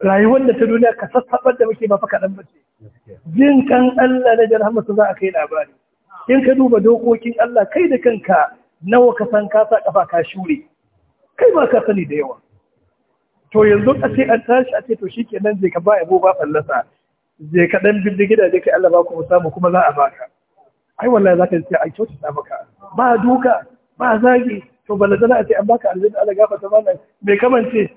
rayuwar da ta duniya ka sassabar da muke ba fa kaɗan ba ce jin kan Allah na jarhamar za a kai labari in ka duba dokokin Allah kai da kanka nawa ka san ka sa kafa ka shure kai ba ka sani da yawa to yanzu a ce an tashi a ce to shikenan je ka ba yabo ba fallasa je ka dan bibbigi da kai Allah ba ku samu kuma za a baka ai wallahi zaka ce ai kyautu ta maka ba duka ba zagi to balla zana a ce an baka aljanna Allah gafarta mana me kamance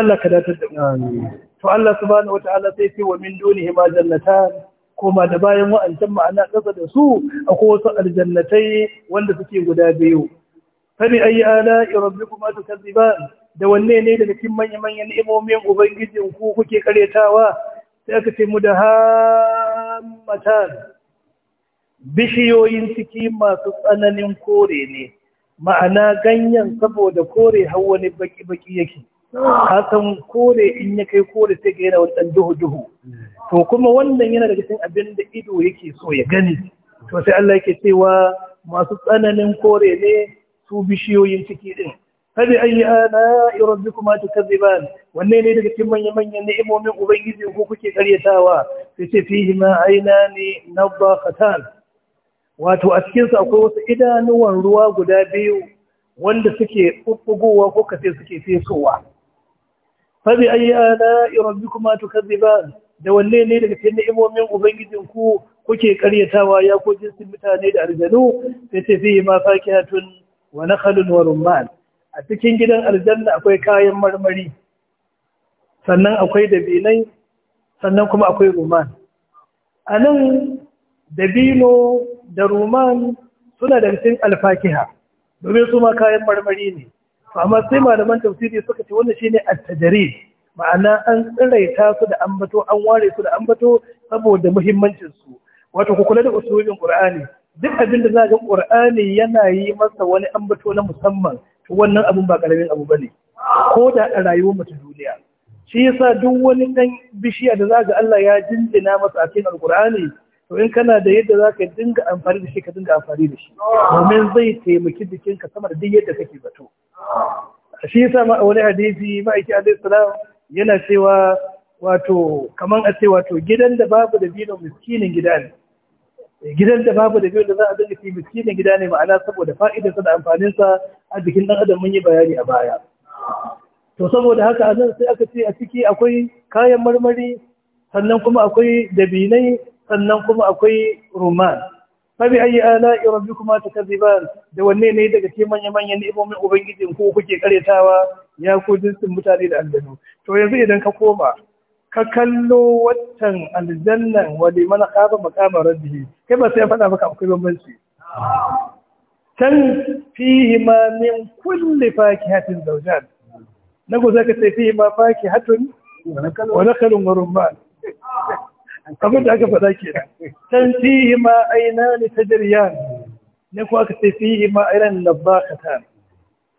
Allah ka datar da amin to Allah subhanahu wataala sai ce wa min dunihi ma jannatan koma da bayan wa'ancan ma'ana ƙasa da su akwai wasu aljannatai wanda suke guda biyu fari ayi ala kazi ba? da wanne ne daga cikin manya-manyan imomin ubangijin ku kuke karetawa sai aka ce mu da hammatan bishiyoyin ciki masu tsananin kore ne ma'ana ganyen saboda kore har wani baki-baki yake hakan kore in ya kai kore sai ga yana wani ɗan duhu duhu to kuma wannan yana da cikin abin da ido yake so ya gani to sai Allah yake cewa masu tsananin kore ne su bishiyoyin ciki din fadi ayi ana rabbikuma tukazziban wanne ne daga cikin manyan manyan ni'imomin ubangiji ko kuke karyatawa sai ce fihi ma aina ne nabaqatan wato a cikin akwai wasu idanuwan ruwa guda biyu wanda suke bubbugowa ko kace suke fesowa fabi ayi ala rabbikuma tukazziban da wanne ne daga cikin ni'imomin ubangijin ku kuke karyatawa ya ko jinsin mutane da aljanu sai ce fi ma fakihatun wa nakhalun wa rumman a cikin gidan aljanna akwai kayan marmari sannan akwai dabinai sannan kuma akwai rumman Anan, nan dabino da rumman suna da cikin alfakiha domin su ma kayan marmari ne amma sai malaman tafsiri suka ce wannan shine at-tajrid ma'ana an tsiraita su da ambato an ware su da ambato saboda muhimmancin su wato ku kula da usulin qur'ani duk abin da za ga qur'ani yana yi masa wani ambato na musamman to wannan abun ba karamin abu bane ko da a rayuwar mu ta duniya shi yasa duk wani ɗan bishiya da za ga Allah ya jinjina masa a cikin alqur'ani to in kana da yadda za ka dinga amfani da shi ka dinga amfani da shi domin zai taimaki jikinka sama da duk yadda kake zato shi yasa ma wani hadisi ma'aiki alayhi salam yana cewa wato kaman a ce wato gidan da babu da biyu miskinin gida ne eh, gidan da babu da biyu da za a dinga fi miskinin gida ne ma'ana saboda fa'idarsa da amfaninsa a jikin dan adam mun yi bayani a baya to saboda haka a nan sai aka ce a ciki akwai kayan marmari sannan kuma akwai dabinai sannan kuma akwai roman. Sabi ayi ala'i rabbikuma tukazziban da wanne ne daga cikin manya-manyan ni'imomin ubangijin ko kuke karetawa ya ko jinsin mutane da aljanu to yanzu idan ka koma ka kallo waccan aljannan wani mana kafa maqama rabbih kai ba sai faɗa maka akwai bambanci Tan fihi ma min kulli fakihatin zawjan nago zaka ce fihi ma fakihatun wa nakalun wa rumman abin da aka faɗa ke can fihi ma aina ne ta jirya ne kuwa ka ce fihi ma aina ne ka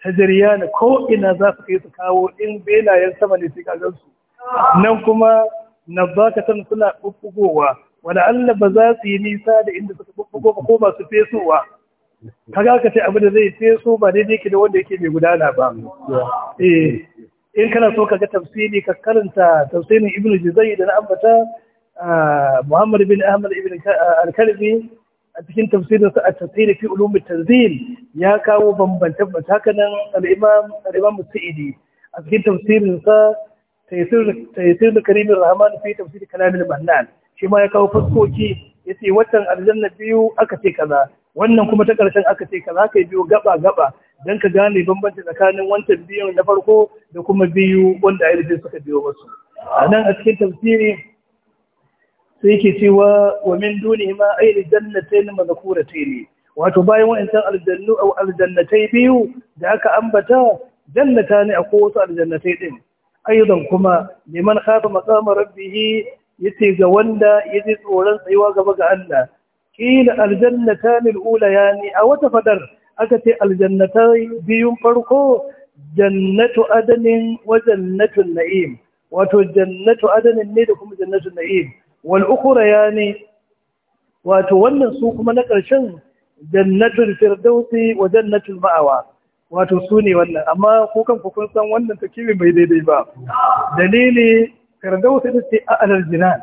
ta jirya ne ko ina za su kai su kawo in belayen sama ne sai kagan su nan kuma ta suna ɓuɓɓugowa wani allah ba za su yi nisa da inda suka ɓuɓɓugo ba ko masu fesowa? ka ga ka ce abin da zai feso ba daidai ke da wanda yake mai gudana ba eh in kana so ka ga tafsiri ka karanta tafsirin ibnu jizai da na ambata Muhammad bin Ahmad ibn Al-Kalbi a cikin tafsirin sa at fi ulum tanzil ya kawo bambanta haka nan al Sa'idi a cikin tafsirin sa tafsir Karim ar-Rahman fi tafsir kalam al-Mannan shi ma ya kawo fuskoki ce watan aljanna biyu aka ce kaza wannan kuma ta karshen aka ce kaza kai biyu gaba gaba dan ka gane bambanci tsakanin wancan biyun na farko da kuma biyu wanda ayyukan suka biyo masu. a nan a cikin tafsirin. sai ke cewa wa min duni ma ayi jannatain ne. wato bayan wa'annan aljannu aw aljannatai biyu da aka ambata jannata ne a wasu aljannatai din aidan kuma liman khafa maqama rabbih yace ga wanda ya ji tsoron tsayuwa gaba ga Allah kila aljannatan alula ne? a wata fadar aka ce aljannatai biyun farko jannatu adanin wa jannatun na'im wato jannatu adanin ne da kuma jannatu na'im Wal'ukura ya ne? wato wannan su kuma na ƙarshen jannatul firdausi wa jannatul ma'awa wato su ne wannan amma ko kan ku san wannan takibi bai daidai ba dalili firdausi da ce a alar jinan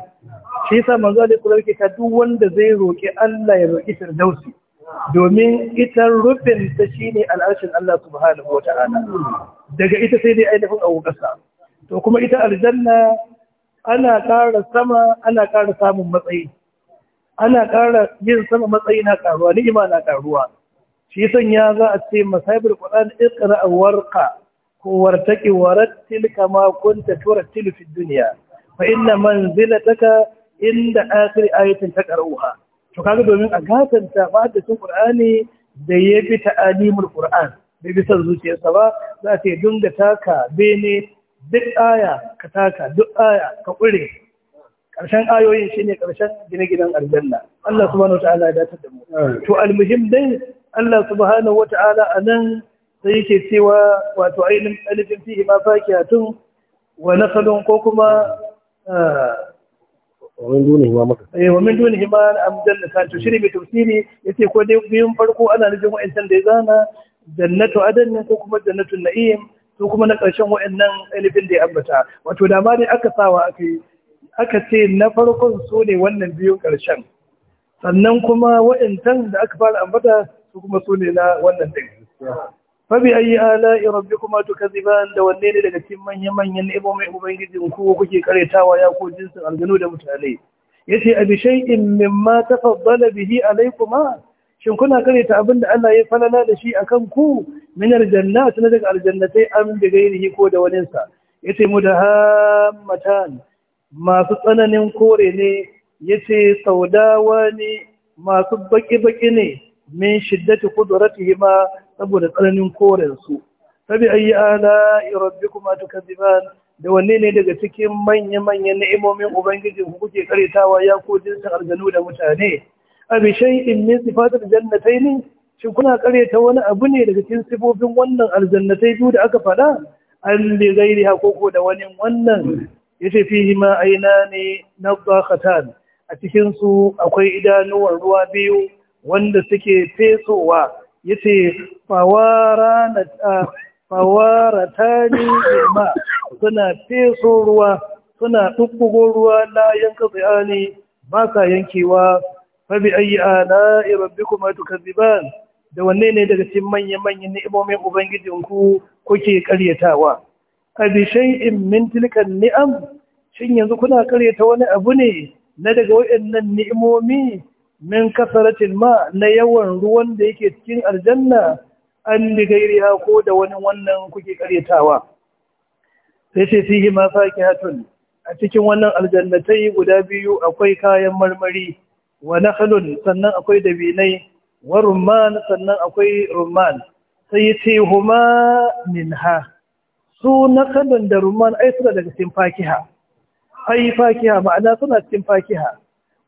shi yasa manzo da kula ke ta duk wanda zai roki Allah ya roƙi firdausi domin ita rufin ta ne al'arshin Allah subhanahu wata'ala daga ita sai dai ainihin abu ƙasa, to kuma ita aljanna ana ƙara sama ana ƙara samun matsayi ana ƙara yin sama matsayi na ƙaruwa ni'ima na ƙaruwa shi sanya za a ce masahibul qur'an iqra warqa ko wartaqi warattil kama kunta turattil fi dunya fa inna manzilataka inda akhir ayatin taqra'uha to kaga domin a gatanta ba da sun qur'ani da yafi ta'alimul qur'an bai bisa zuciyarsa ba za ta dinga taka bene duk aya ka taka duk aya ka ƙure ƙarshen ayoyin shine ƙarshen gine-ginen aljanna Allah subhanahu ta'ala ya datar da mu to almuhim dai Allah subhanahu wata'ala a nan sai yake cewa wato ainihin alifin fihi ma tun wa nasalun ko kuma ah, Wa min maka. ومن دونهما مكر اي ومن kan امجن كان تشري بتفسيري yace ko dai biyun farko ana nufin wa'ancan da zana jannatu adan ko kuma jannatu na'im su kuma na ƙarshen waɗannan ainihin da ya ambata wato da ma dai aka sawa aka yi aka ce na farkon su ne wannan biyu ƙarshen sannan kuma wa'antan da aka fara ambata su kuma su ne na wannan ɗin fabi ayi ala irabbi kuma to kaziban da wanne ne daga cikin manyan manyan ibomai ubangijin ku kuke karetawa ya ko jinsin alganu da mutane yace abi shay'in mimma tafaddala bihi alaikuma shin kuna karanta abin da Allah ya falala da shi akan ku min aljanna na daga aljannatai an bi gairihi ko da wani sa yace mudahammatan masu tsananin kore ne yace saudawa ne masu baki baki ne min shiddati qudratihima saboda tsananin koren su fabi ayi ala rabbikuma tukadziban da wanne ne daga cikin manya-manyan ni'imomin ubangijin ku kuke karitawa ya ko jinsin aljanu da mutane abi shay'in min jannatai ne? shin kuna ta wani abu ne daga cikin sifofin wannan aljannatai biyu da aka faɗa an da gairi hakoko da wani wannan yace fihi ma aina ne na bakhatan a cikin su akwai idanuwar ruwa biyu wanda suke fesowa yace fawara ta ne ma suna feso ruwa suna dukkugo ruwa na yanka bayani ba sa yankewa fabi ayi ala rabbikuma tukazziban da wanne ne daga cikin manya-manyan ni'imomin ubangijinku kuke karyatawa abi shay'in min tilkan ni'am shin yanzu kuna karyata wani abu ne na daga waɗannan ni'imomi min kasaratil ma na yawan ruwan da yake cikin aljanna an bi gairiya ko da wani wannan kuke karyatawa sai sai fihi ma fakihatun a cikin wannan aljannatai guda biyu akwai kayan marmari wa nakhlun sannan akwai dabinai wa rumman sannan akwai rumman sai yace huma minha su nakhlun da rumman ai suna daga cikin fakiha ai fakiha ma'ana suna cikin fakiha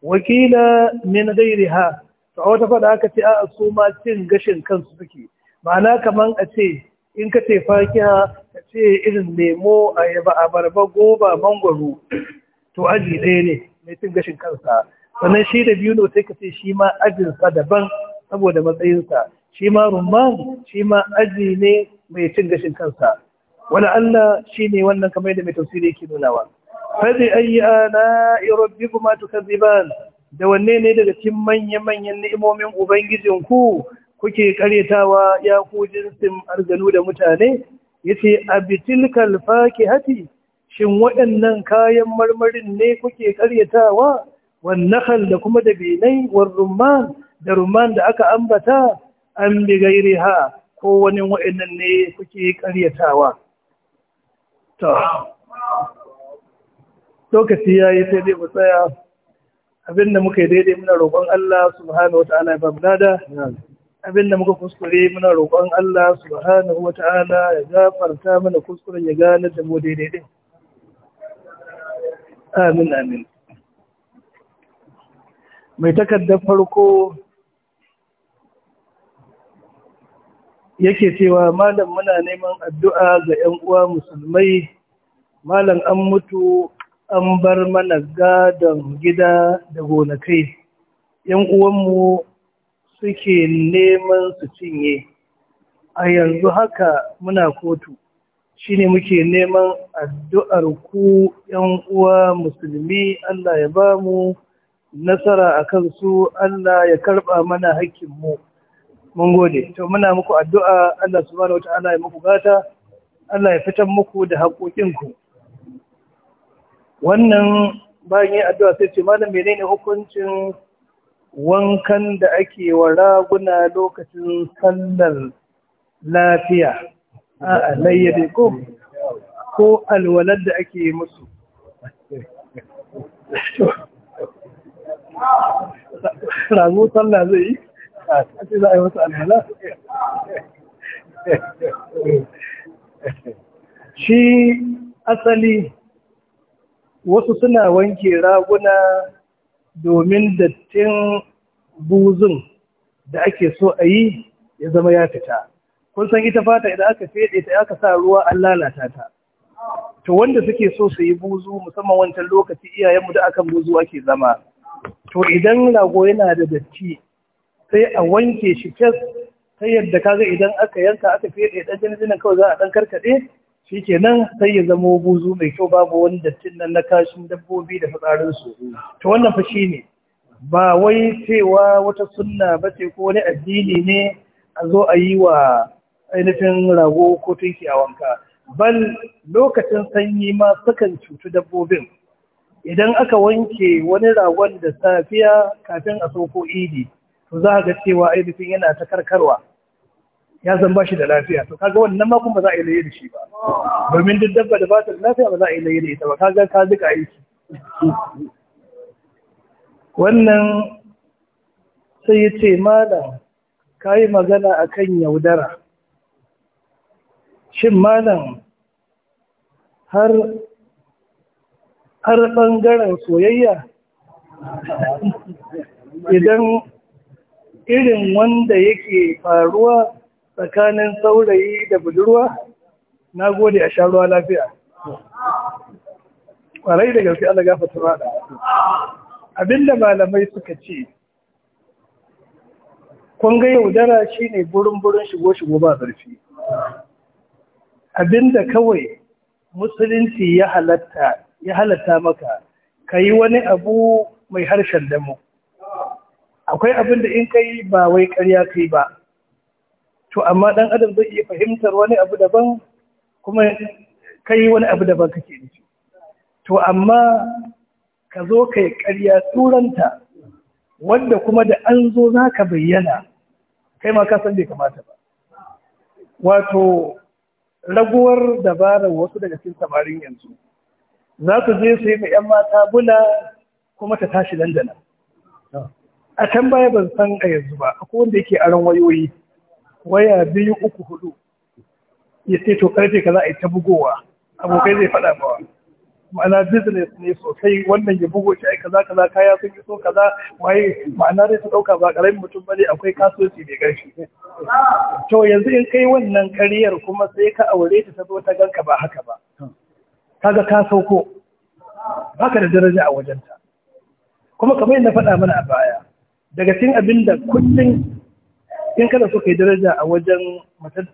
wakila min ghairiha to a wata fada aka ce a su ma cin gashin kansu suke ma'ana kaman a ce in ka ce fakiha ka ce irin lemo ayaba abarba goba mangwaro to aji ɗaya ne mai cin gashin kansa sannan shi da biyu sai ka ce shi ma ajinsa daban saboda matsayinsa shi ma rumman shi ma aji ne mai cin gashin kansa wani Allah shi ne wannan kamar yadda mai tafsiri yake nunawa fadi ayi ana rabbikuma tukaziban da wanne ne daga cikin manya-manyan ni'imomin ubangijin ku kuke karetawa ya ku jinsin arganu da mutane Ya ce yace abitilkal fakihati shin waɗannan kayan marmarin ne kuke karyatawa والنخل لكم دبيني والرمان da rumman da aka ambata an bi gairi ha ko wani wa'annan ne kuke karyatawa. To, lokaci ya yi sai dai mu tsaya abinda muka yi daidai muna roƙon Allah subhanahu wa ta'ala ya ba abinda muka kuskure muna roƙon Allah subhanahu wa ta'ala ya gafarta mana kuskuren ya gane da mu daidai Amin, amin. mai takardar farko yake cewa malam muna neman addu'a ga 'yan uwa musulmai malam an mutu an bar mana gadon gida da gonakai 'yan uwanmu suke neman su cinye a yanzu haka muna kotu shine muke neman addu'ar ku 'yan uwa musulmi Allah ya ba mu nasara a kansu Allah ya karɓa mana hakkinmu mun gode to muna muku addu'a Allah subhanahu wata'ala ya muku gata Allah ya fitar muku da haƙoƙinku wannan bayan yin addu'a sai ce malam menene hukuncin wankan da ake wa raguna lokacin sallar lafiya a alayyade ko ko alwalar da ake musu rago sallah zai yi a ce za a yi wasu alhala shi asali wasu suna wanke raguna domin dattin buzun da ake so a yi ya zama ya fita kun san ita fata idan aka fede ta aka sa ruwa an lalata ta to wanda suke so su yi buzu musamman wancan lokaci iyayenmu da akan buzu ake zama to idan rago yana da datti sai a wanke shi kyas ta yadda ka ga idan aka yanka aka ɗan dan jinjinin kawai za a shi karkade shikenan sai ya zama buzu mai kyau babu wani dattin nan na kashin dabbobi da fitsarin su to wannan fa shine ba wai cewa wata sunna ba ce ko wani addini ne a zo a yi wa ainihin rago ko tunki a wanka bal lokacin sanyi ma sukan cutu dabbobin idan aka wanke wani ragon da safiya kafin a sauko idi to za ga cewa ainihin yana ta karkarwa ya zan bashi da lafiya to kaga wannan makon ba za a yi layi da shi ba domin duk dabba da ba ta lafiya ba za a yi layi da ita ba kaga ka duka aiki wannan sai ya ce malam ka yi magana a kan yaudara shin malam har har ɓangaren soyayya idan irin wanda yake faruwa tsakanin saurayi da budurwa na gode a sha ruwa lafiya ƙwarai da gaske ala gafa turada abinda malamai suka ce kwanga yaudara ne burin-burin shigo-shigo ba zarfi abinda kawai musulunci ya halatta ya halatta maka ka yi wani abu mai harshen damu akwai abin da in kai ba wai karya kai ba to amma dan adam zai iya fahimtar wani abu daban kuma kai wani abu daban kake nufi to amma ka zo ka yi karya turanta wanda kuma da an zo za ka bayyana kai ma ka san bai kamata ba wato raguwar dabarar wasu daga cikin samarin yanzu za su je su yi ma 'yan mata bula kuma ta tashi dandana a can baya ban san a yanzu ba akwai wanda yake aron wayoyi waya biyu uku hudu ya ce to karfe ka za a yi ta bugowa abokai zai faɗa ba. ma'ana business ne sosai wannan ya bugo shi kaza kaza kaya sun iso kaza waye ma'ana dai su dauka ba karamin mutum bane akwai kasuwanci mai gashi to yanzu in kai wannan kariyar kuma sai ka aure ta ta zo ta ganka ba haka ba kaga ka sauko baka da daraja a wajenta kuma kamar yadda faɗa mana a baya daga cikin abin da kullum in kada so kai daraja a wajen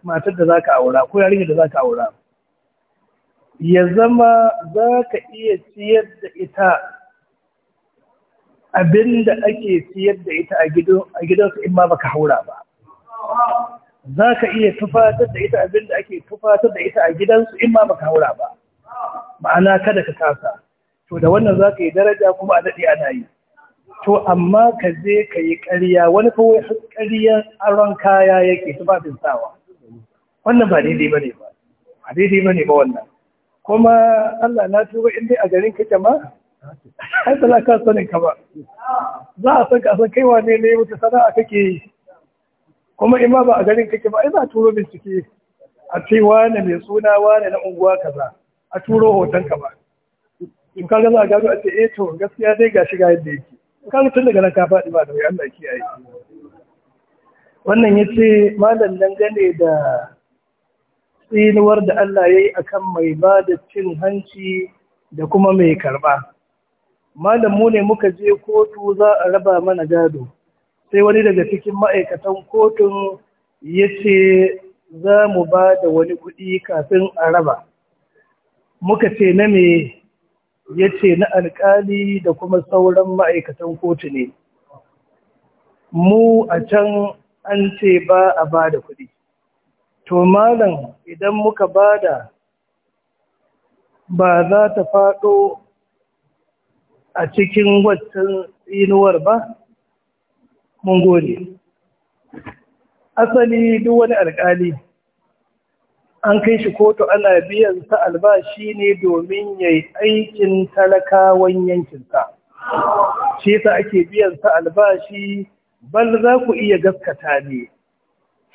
matar da zaka aura ko yarinya da zaka aura ya zama za ka iya ciyar da ita abin da ake ciyar da ita a gidansu in ma baka haura ba za ka iya tufatar da ita abin da ake tufatar da ita a gidansu in ma baka haura ba ma'ana kada ka kasa to da wannan za ka yi daraja kuma a daɗe ana yi to amma ka je ka yi ƙarya wani kawai har aron kaya yake su ba sawa wannan ba daidai ba ne ba ba daidai ba ne ba wannan kuma Allah na tuba in dai a garin kake ma ai tsala ka sanin ka ba za a san ka san kaiwa ne ne wata sana'a kake yi kuma in ma ba a garin kake ba ai za a turo bincike a ce wane mai suna wane na unguwa kaza a turo hoton ka ba in ka ga za a gano a ce eh gaskiya dai gashi ga yadda yake in ka tun daga nan ka faɗi ba da wai Allah kiyaye wannan yace malam nan gane da tsinuwar da Allah ya yi a mai ba da cin hanci da kuma mai karɓa. Malam mu ne muka je kotu za a raba mana gado, sai wani daga cikin ma'aikatan kotun ya ce za mu ba da wani kuɗi kafin a raba. muka ce na me ya ce na alkali da kuma sauran ma'aikatan kotu ne mu a can an ce ba a ba da kuɗi to malam idan muka ba da ba za ta faɗo a cikin waccan inuwar ba mun gode asali duk wani alkali an kai shi kotu ana biyan sa albashi ne domin ya yi aikin talakawan yankinsa shi yasa ake biyan sa albashi bal za ku iya gaskata ne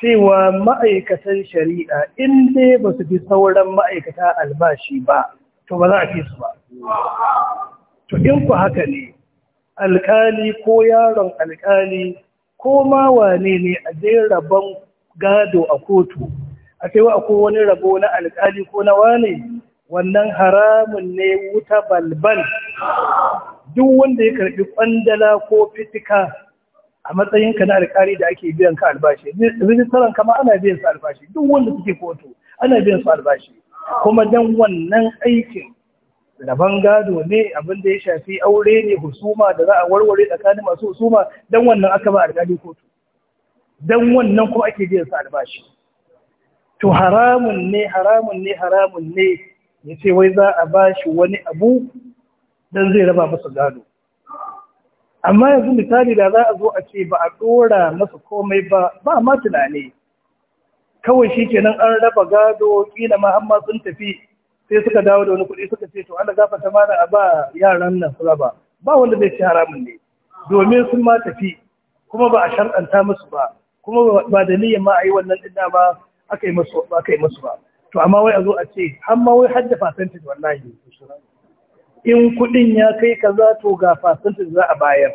cewa ma'aikatan shari'a in dai ba su bi sauran ma'aikata albashi ba to ba za a fi su ba to in ku haka ne alkali ko yaron alkali ko ma wane ne a jera ban gado a kotu a kai wa akwai wani rabo na alƙali ko na wane wannan haramun ne wuta balbal duk wanda ya karɓi kwandala ko fitika a matsayinka na alƙali da ake biyan ka albashi rijistaran kama ana biyan su albashi duk wanda suke kotu ana biyan su albashi kuma dan wannan aikin rabon gado ne abin da ya shafi aure ne husuma da za a warware tsakanin masu husuma dan wannan aka ba alƙali kotu dan wannan kuma ake biyan su albashi to haramun ne haramun ne haramun ne ya ce wai za a ba shi wani abu don zai raba masa gado amma yanzu misali da za a zo a ce ba a ɗora masa komai ba ba ma tunani kawai shi ke nan an raba gado kila ma amma sun tafi sai suka dawo da wani kuɗi suka ce to ana gafata ma mana a ba yaran nan su raba ba wanda zai ci haramun ne domin sun ma tafi kuma ba a shar'anta musu ba kuma ba da niyyar ma a yi wannan dinna ba aka yi masu ba to amma wai a zo a ce har ma wai hadda percentage wallahi in kudin ya kai kaza to ga percentage za a bayar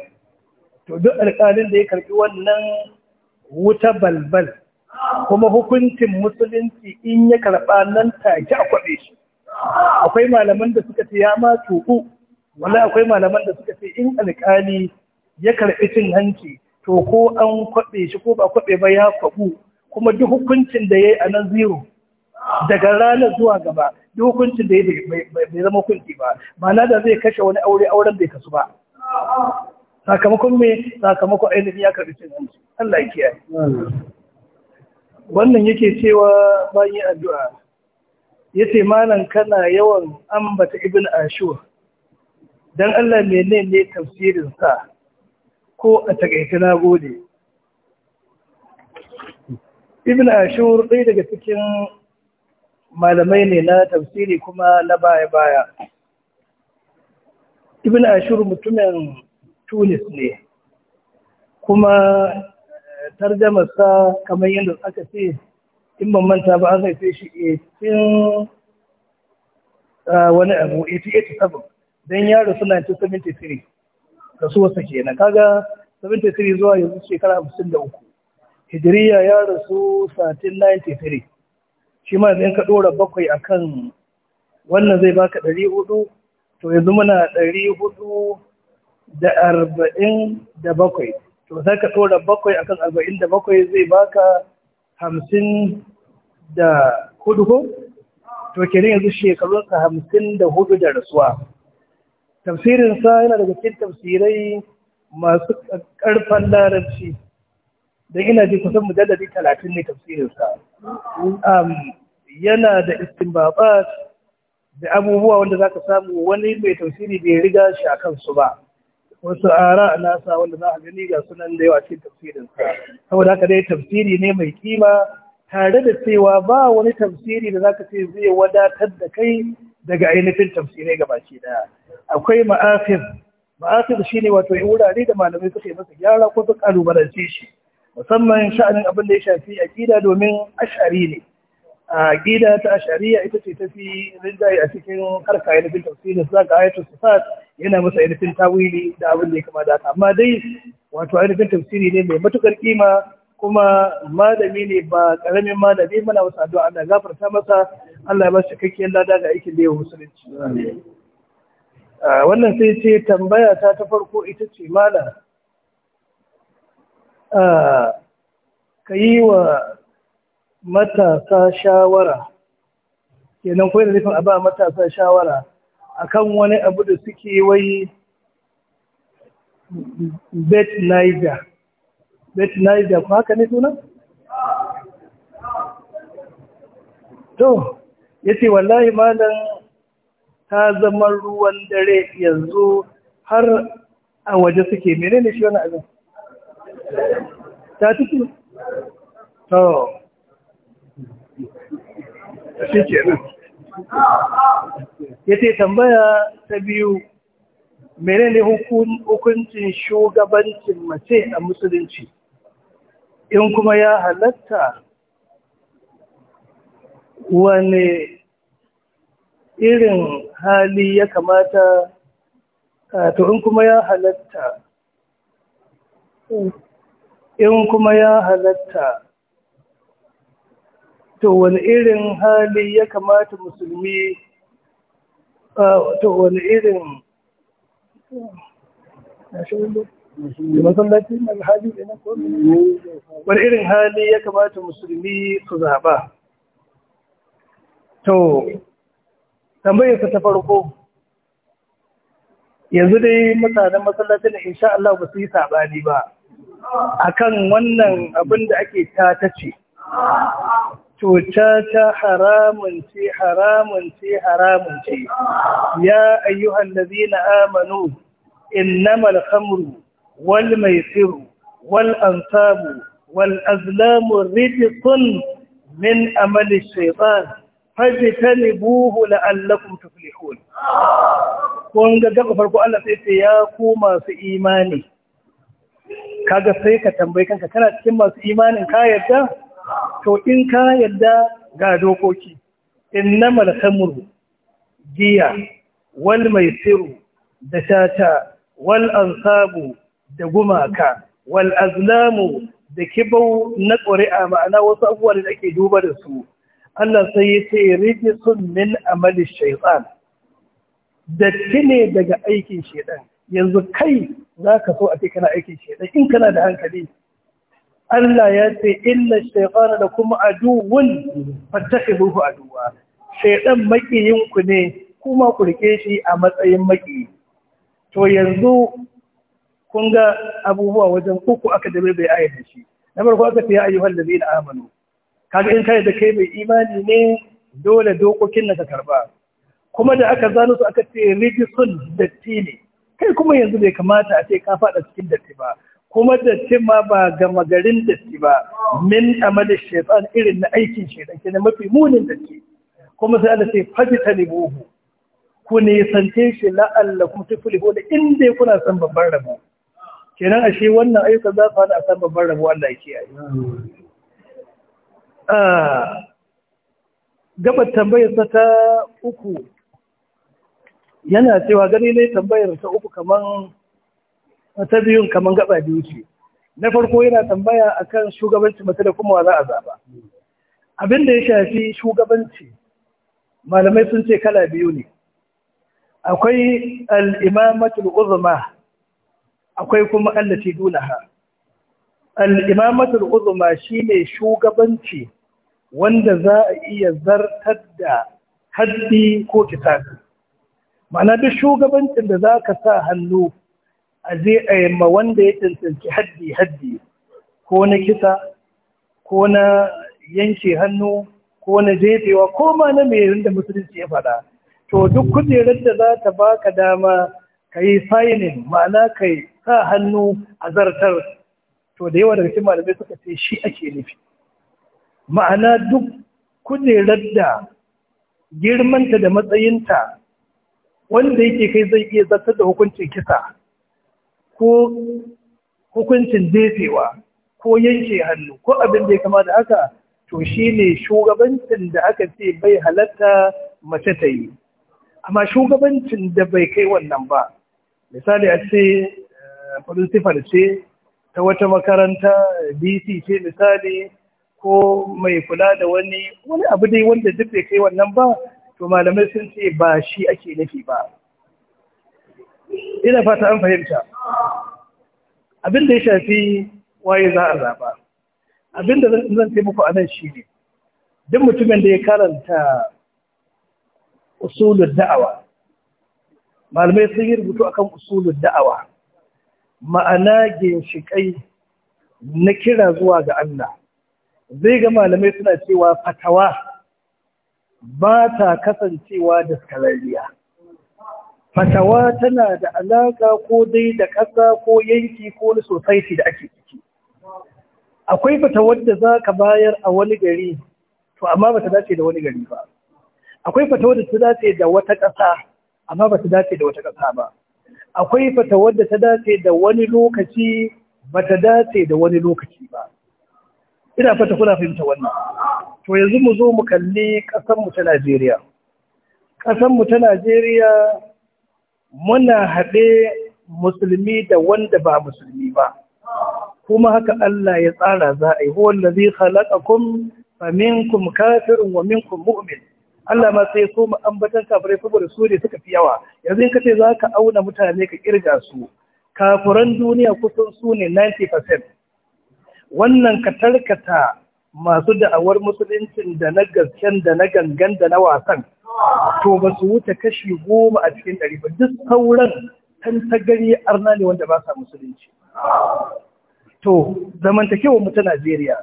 to duk alƙalin da ya karbi wannan wuta balbal kuma hukuncin musulunci in ya karba nan take a kwabe shi akwai malaman da suka ce ya ma tuku wallahi akwai malaman da suka ce in alƙali ya karɓi cin hanci to ko an kwaɓe shi ko ba kwaɓe ba ya kwabu kuma duk hukuncin da ya yi a nan zero daga ranar zuwa gaba duk hukuncin da ya bai zama hukunci ba mana da zai kashe wani aure auren bai kasu ba sakamakon me sakamakon ainihin ya karbi cin hanci Allah ya kiyaye wannan yake cewa bayan addu'a yace malam kana yawan ambata ibn ashur dan Allah menene tafsirin sa ko a takaice na gode ibn ashur ɗaya daga cikin malamai ne na tafsiri kuma na baya-baya ibn ashur mutumin tunis ne kuma eh, tarjamasa kamar yadda aka ce in ban manta ba an haife shi 18 ah, wani abu 1887 don yaro suna 73, 1973 rasuwarsa kenan kaga 73 zuwa yanzu shekara 53 hijiriya ya rasu satin 93 shi ma zai ka ɗora bakwai a kan wannan zai baka 400 to yanzu muna 447 to sai ka ɗora bakwai a kan 47 zai baka 54, ko to kenan yanzu shekarunsa 54 da da rasuwa tafsirinsa yana daga cikin tafsirai masu ƙarfan larabci da ina ji kusan mujalladi talatin ne tafsirinsa yana da baba da abubuwa wanda za ka samu wani mai tafsiri bai riga shi a kansu ba wasu ara nasa wanda za a gani ga sunan da yawa cikin tafsirinsa saboda haka dai tafsiri ne mai kima tare da cewa ba wani tafsiri da za ka ce zai wadatar da kai daga ainihin tafsirai baki daya akwai ma'afir ma'afir shine wato wurare da malamai suka yi masa gyara ko su kalubalance shi musamman sha'anin abin da ya shafi a gida domin ash'ari ne A gida ta ash'ariya ita ce tafi rinjaye a cikin harka ya nufin tafsirin za ka su sa yana masa ainihin tawili da abin da ya kama da amma dai wato ainihin tafsiri ne mai matukar kima kuma malami ne ba karamin malami mana wasu addu'a Allah gafarta masa Allah ya bashi cikakkiyar lada ga aikin da ya musulunci wannan sai ce tambaya ta ta farko ita ce malam. ka yi wa matasa shawara kenan kawai da nufin a ba matasa shawara a kan wani abu da suke wai bet niger bet niger ko haka ne suna? to ya ce wallahi malam ta zama ruwan dare yanzu har a waje suke menene shi wani abin ta ya ce tambaya ta biyu menene hukuncin shugabancin mace a musulunci in kuma ya halatta wane irin hali ya kamata to in kuma ya halatta in kuma ya halatta to wani irin hali ya kamata musulmi to wani irin wani irin hali ya kamata musulmi su zaɓa to ta ta farko yanzu dai mutanen masallacin insha Allah ba su yi saɓani ba akan wannan abin da ake ta ce. cuta ta haramun ce haramun ce haramun ce ya ayyuhan ladina amanu innamal khamru wal maisiru wal ansabu wal azlamu rijsun min amali shaytan fajtanibuhu la'allakum tuflihun kun ga gaba farko Allah sai ya ku masu imani kaga sai ka tambayi kanka kana cikin masu imanin ka yadda to in ka yarda ga dokoki innamal khamru giya wal maisiru da Tata, wal ansabu da gumaka wal azlamu da kibau na ƙuri'a ma'ana wasu abubuwa da ake duba da su Allah sai ya ce rijisun min amali shaitan datti ne daga aikin shaitan yanzu kai za ka so a ce kana aikin shaidan in kana da hankali Allah ya ce illa shaifana da kuma aduwun fattafi buhu aduwa shaidan makiyinku ne kuma ku shi a matsayin maki to yanzu kun ga abubuwa wajen uku aka dame bai ayyana shi na farko aka ce ya ayyuhal zai amanu kaga in kai da kai mai imani ne dole dokokin na ka karba kuma da aka zano su aka ce rigisun datti ne kai kuma yanzu bai kamata a ce ka faɗa cikin datti ba kuma datti ma ba gama garin datti ba min amali shaitan irin na aikin shaitan na mafi munin datti kuma sai Allah sai fajita libuhu ku ne nisance shi la'allakum tuflihu da inda kuna son babban rabo kenan ashe wannan ayyukan za su hana a san babban rabo Allah ya kiyaye ah, Gaba tambayar ta uku yana cewa gani ne tambayar ta uku kaman ta biyun kaman gaba biyu ce na farko yana tambaya akan shugabanci mace da kuma za a zaba abin da ya shafi shugabanci malamai sun ce kala biyu ne akwai al'imamatul uzma akwai kuma allati dunaha al'imamatul uzma shine shugabanci wanda za a iya zartar da haddi ko kitasi ma'ana duk shugabancin da za ka sa hannu a zai ayyama wanda ya tantance haddi-haddi ko na kisa ko na yanke hannu ko na jefewa ko ma na merin da musulunci ya faɗa to duk kujerar da za ta baka dama ka yi sainin ma'ana ka sa hannu a zartar to da yawa daga cikin malamai suka ce shi ake nufi ma'ana duk kujerar da girmanta da matsayinta wanda yake kai zai iya zartar da hukuncin kisa ko hukuncin jefewa ko yanke hannu ko abin da ya kama da haka to shi ne shugabancin da aka ce bai halatta mace ta yi amma shugabancin da bai kai wannan ba misali a ce eh, principal ce ta wata makaranta bc ce misali ko mai kula da wani wani abu dai wanda duk bai kai wannan ba to malamai sun ce ba shi ake nufi ba ina fata an fahimta Abinda ya shafi waye za a zaba Abinda da zan ce muku anan shi ne duk mutumin da ya karanta usulun da'awa malamai sun yi rubutu akan usulun da'awa ma'ana ginshiƙai na kira zuwa ga Allah zai ga malamai suna cewa fatawa ba ta kasancewa da skararriya fatawa tana da alaƙa ko dai da ƙasa ko yanki ko wani society da ake ciki akwai fatawar da za ka bayar a wani gari to amma ba ta dace da wani gari ba akwai fatawar da ta dace da wata ƙasa amma ba ta dace da wata ƙasa ba akwai fatawar da ta dace da wani lokaci ba ta dace da wani lokaci ba ina fata kuna fahimta wannan to yanzu mu zo mu kalli mu ta Najeriya mu ta Najeriya muna haɗe musulmi da wanda ba musulmi ba kuma haka Allah ya tsara za a yi huwa allazi khalaqakum faminkum kafirun wa minkum mu'min Allah ma sai so mu ambatan kafirai saboda su ne suka fi yawa yanzu in kace ka auna mutane ka kirga su kafiran duniya kusan su ne 90% wannan ka tarkata masu da'awar musuluncin da na gasken da na gangan da na wasan to ba su wuce kashi goma a cikin ɗari ba duk sauran tantagari arna ne wanda ba sa musulunci to zamantakewar mu najeriya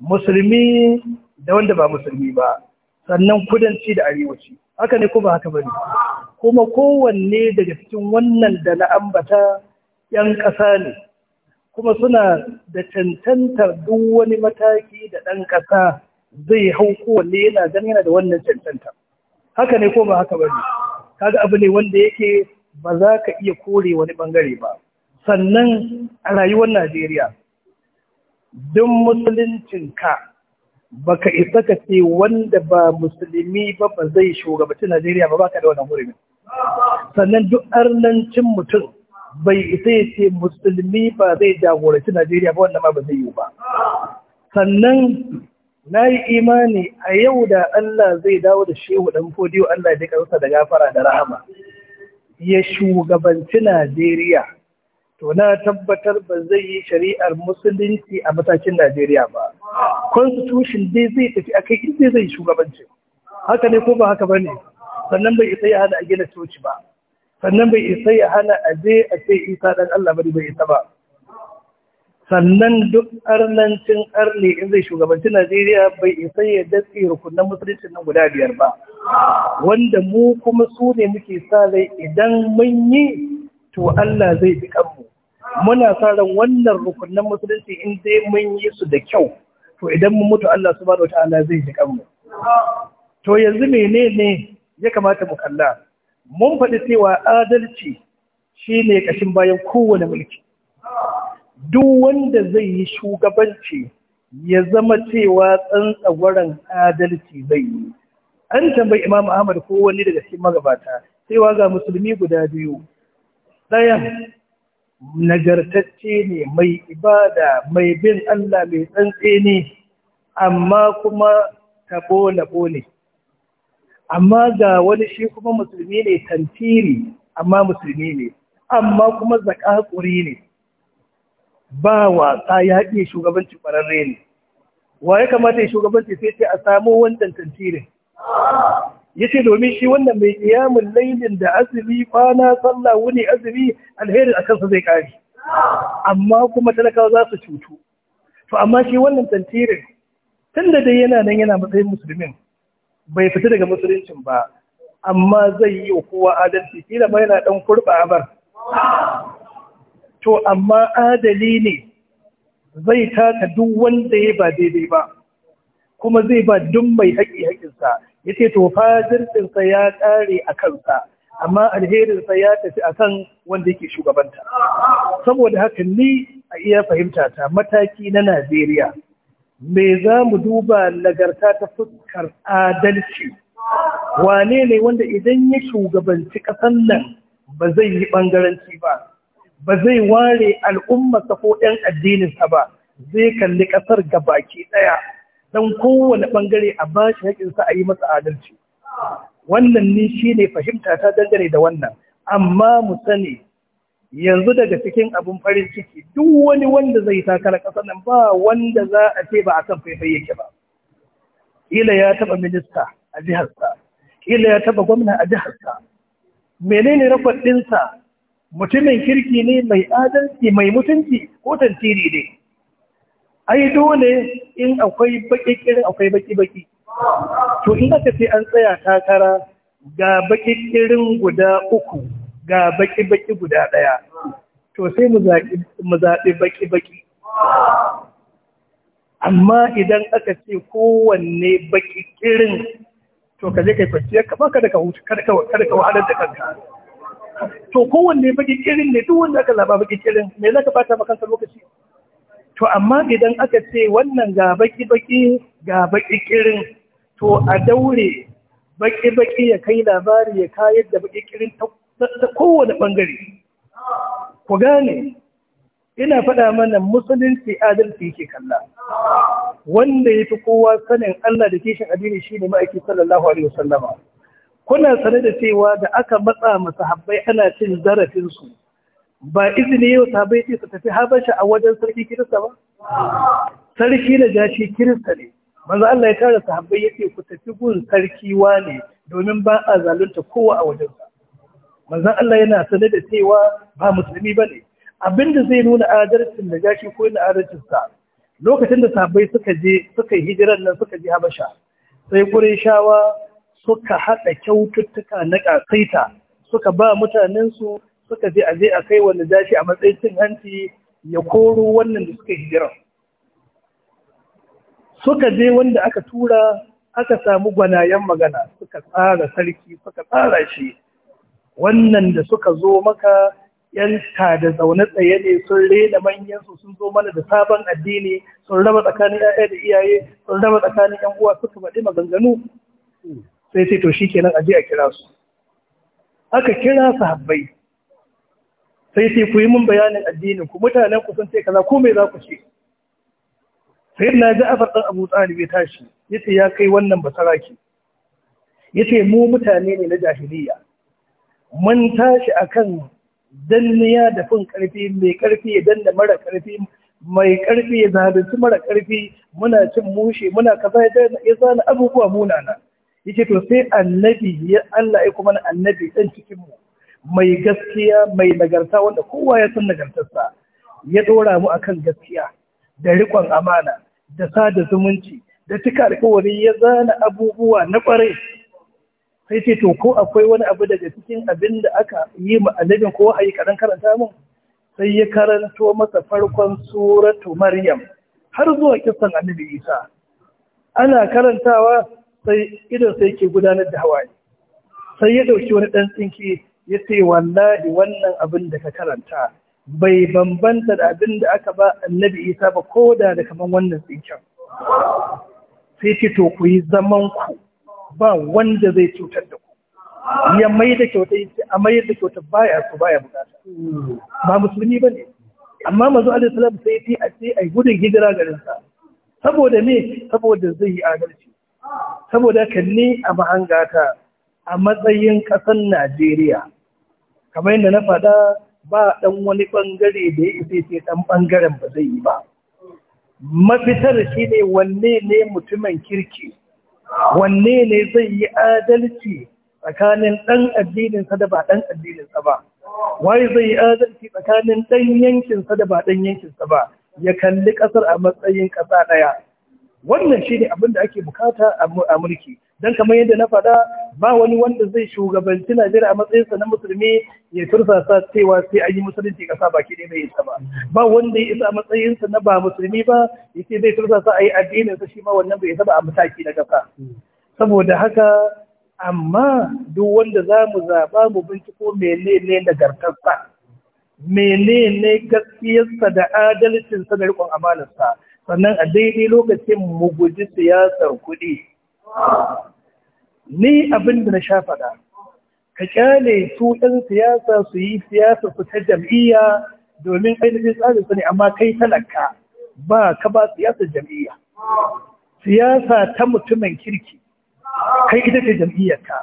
musulmi da wanda ba musulmi ba sannan kudanci da arewaci haka ne ko haka bane kuma kowanne daga cikin wannan da na ambata yan ƙasa ne kuma suna da cancantar duk wani mataki da ɗan ƙasa zai hau kowanne yana zan yana da wannan cancanta haka ne ko haka ba ne kaga abu ne wanda yake ba za ka iya kore wani ɓangare ba sannan a rayuwar najeriya duk musuluncinka ba ka isa ka ce wanda ba musulmi ba ba zai shugabanci najeriya ba ba ka da wannan hurumin sannan duk arnancin mutum bai isa ya ce musulmi ba zai jagoranci Najeriya ba wanda ma ba zai yi ba. Sannan na yi imani a yau da Allah zai dawo da shehu ɗan fodiyo Allah ya karsa da gafara da rahama. Ya shugabanci Najeriya, to na tabbatar ba zai yi shari'ar musulunci a matakin Najeriya ba. Constitution dai zai tafi a kai inda zai shugabanci. Haka ne ko ba haka ba ne, sannan bai isa ya hana a gina coci ba. sannan bai isa ya hana a je a ce isa dan Allah bari bai isa ba sannan duk arnancin arne in zai shugabanci Najeriya bai isa ya datse rukunan musulunci nan guda biyar ba wanda mu kuma su ne muke sa rai idan mun yi to Allah zai fi kanmu muna sa ran wannan rukunan musulunci in dai mun yi su da kyau to idan mun mutu Allah subhanahu wataala zai fi kanmu to yanzu menene ya kamata mu kalla mun faɗi cewa adalci shi ne ƙashin bayan kowane mulki duk wanda zai yi shugabanci ya zama cewa tsantsagwaren adalci zai yi an tambayi imam ahmad ko wani daga cikin magabata cewa ga musulmi guda biyu ɗayan nagartacce ne mai ibada mai bin allah mai tsantseni amma kuma ta labo ne amma ga wani shi kuma musulmi ne tantiri amma musulmi ne amma kuma zakakuri ne ba wasa ya shugabanci ƙwararre ne wa ya kamata ya shugabanci sai ce a samu wannan tantirin ya ce domin shi wannan mai iyamun lailin da azumi kwana sallah wuni azumi alherin a kansa zai ƙari amma kuma talakawa za su cutu to amma shi wannan tantirin tun da dai yana nan yana matsayin musulmin bai fita daga musuluncin ba amma zai yi wa kowa adalci kila ma yana dan kurba abar to amma adali ne zai taka duk wanda ya ba daidai ba kuma zai ba duk mai haƙi haƙinsa ya ce to fajircinsa ya ƙare a kansa amma alherinsa ya tafi a kan wanda yake shugabanta saboda haka ni a iya fahimta ta mataki na najeriya me za mu duba nagarta ta fuskar adalci wane ne wanda idan ya shugabanci ƙasar nan ba zai yi ɓangaranci ba ba zai ware al'ummarsa ko 'yan addininsa ba zai kalli ƙasar ga baki ɗaya don kowane ɓangare a ba shi haƙinsa a yi masa adalci wannan ne shi ne fahimta ta dangane da wannan amma mu sani yanzu daga cikin abin farin ciki duk wani wanda zai takara ƙasar nan ba wanda za a ce ba a kan faifai yake ba Ila ya taɓa minista a jiharsa Ila ya taɓa gwamna a jiharsa menene rakwad ɗinsa mutumin kirki ne mai adalci mai mutunci ko tantiri ne ai dole in akwai baƙi ƙirin akwai baƙi-baƙi. to in aka ce an tsaya takara ga baƙi ƙirin guda uku ga baki-baki guda ɗaya to sai mu zaɓi baki-baki amma idan aka ce kowanne baki kirin to ka je kai kwanciya ka baka daga hutu kada ka wahalar da kanka to kowanne baki kirin ne duk wanda aka zaba baki kirin me zaka bata maka kanka lokaci to amma idan aka ce wannan ga baki baki ga baki kirin to a daure baki baki ya kai labari ya kayar da baki kirin ta ta kowane ɓangare ku gane ina faɗa mana musulunci adalci yake kalla wanda ya fi kowa sanin Allah da kishin addini shi ne ma'aiki sallallahu alaihi wasallama kuna sane da cewa da aka matsa masahabbai ana cin zarafinsu ba izini yau sahabbai ce su tafi habasha a wajen sarki kirista ba sarki na jashi kirista ne manzo Allah ya tara sahabbai yace ku tafi gun sarki wane domin ba a zalunta kowa a wajensa manzon Allah yana sanar da cewa ba musulmi ba bane abinda zai nuna adalcin da gashi ko yana adalcin lokacin da sabai suka je suka yi hijiran nan suka je Habasha sai shawa suka haɗa kyaututtuka na ƙasaita suka ba mutanensu suka je a je a kai wanda gashi a matsayin cin hanci ya koro wannan da suka hijira suka je wanda aka tura aka samu gwanayen magana suka tsara sarki suka tsara shi wannan da suka zo maka yan da zaune tsaye ne sun rena manyansu sun zo mana da sabon addini sun raba tsakanin ya'ya da iyaye sun raba tsakanin yan uwa suka faɗi maganganu sai sai to shi kenan aje a kira su aka kira habbai sai sai ku yi min bayanin addinin ku mutanen ku sun ce kaza ko me za ku ce sai na ji a ɗan abu tsari bai tashi yace ya kai wannan basara basaraki yace mu mutane ne na jahiliya mun tashi akan danniya da fin karfi mai karfi ya danna mara karfi mai karfi ya zalunci mara karfi muna cin mushe muna kaza ya zana abubuwa munana ce to sai annabi ya Allah ya kuma annabi dan cikinmu. mai gaskiya mai nagarta wanda kowa ya san nagartarsa ya ɗora mu akan gaskiya da rikon amana da sada zumunci da cika alƙawari ya zana abubuwa na ƙwarai sai ce to ko akwai wani abu daga cikin abin da aka yi ma annabin ko ayi karan karanta mun sai ya karanto masa farkon suratu maryam har zuwa kissan annabi isa ana karantawa sai idan sai ke gudanar da hawaye sai ya dauki wani dan tsinki ya ce wallahi wannan abin da ka karanta bai bambanta da abin da aka ba annabi isa ba ko da da kaman wannan tsinkin sai ce to ku yi zaman ku ba wanda zai cutar da ku ya mai da kyauta a mai da kyauta baya su baya bukata ba musulmi ba ne amma mazu alaihi salam sai fi a sai ai gudun hijira garin sa saboda me saboda zai yi adalci saboda kan ne a mahangata a matsayin kasan Najeriya kamar yadda na faɗa ba dan wani ɓangare da ya isa ce ɗan ɓangaren ba zai yi ba mafitar shi ne wanne ne mutumin kirki wanne ne zai yi adalci tsakanin ɗan addininsa da ba ɗan addininsa ba wai zai yi adalci tsakanin ɗan yankinsa da ba ɗan yankinsa ba ya kalli ƙasar a matsayin ƙasa ɗaya wannan shine abin da ake bukata a mulki Don kamar yadda na faɗa ba wani wanda zai shugabanci Najeriya a matsayinsa na musulmi ya tursasa cewa sai an yi musulunci ƙasa baki ɗaya bai isa ba ba wanda ya isa a matsayinsa na ba musulmi ba ya ce zai tursasa a yi addinin sa shi ma wannan bai isa ba a mataki na ƙasa saboda haka amma duk wanda za mu zaɓa mu binciko menene nagartarsa menene gaskiyarsa da adalcinsa da riƙon amanarsa sannan a daidai lokacin mu guji siyasar kuɗi ni abin da na sha faɗa ka kyale su ɗan siyasa su yi siyasa su ta jam'iyya domin ainihin tsarin su ne amma kai talaka ba ka ba siyasar jam'iyya siyasa ta mutumin kirki kai ita ce jam'iyyarka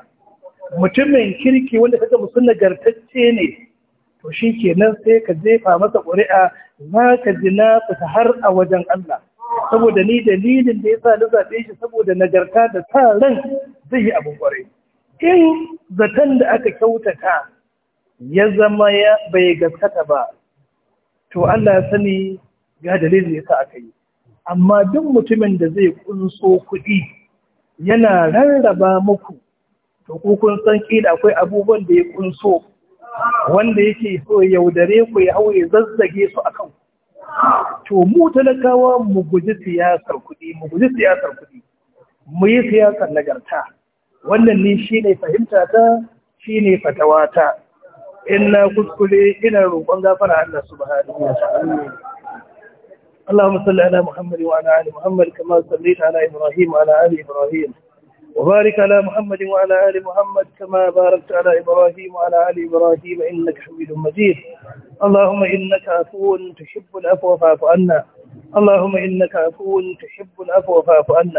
mutumin kirki wanda kaga musu nagartacce ne to shi kenan sai ka jefa masa ƙuri'a za ka ji na fita har a wajen Allah saboda ni dalilin da ya sa na zaɓe shi saboda nagarta da sa ran zai yi abin ƙwarai in zaton da aka kyautata ya zama ya bai gaskata ba to Allah ya sani ga dalilin ya sa aka yi amma duk mutumin da zai kunso kuɗi yana rarraba muku to ko kun san kila akwai abubuwan da ya kunso wanda yake so yaudare ku ya hau zazzage su akan to mu talakawa mu guji siyasar kudi mu guji siyasar kuɗi mu yi siyasar nagarta wannan ne ne fahimta ta ne fatawa ta in na kuskure ina roƙon gafara Allah subhanahu Allahumma salli ala Muhammad wa ala ali Muhammad kama sallaita ala Ibrahim. wa ala ali Ibrahim وبارك على محمد وعلى آل محمد كما باركت على إبراهيم وعلى آل إبراهيم إنك حميد مجيد اللهم إنك عفو تحب العفو فاعف عنا اللهم إنك عفو تحب العفو فاعف عنا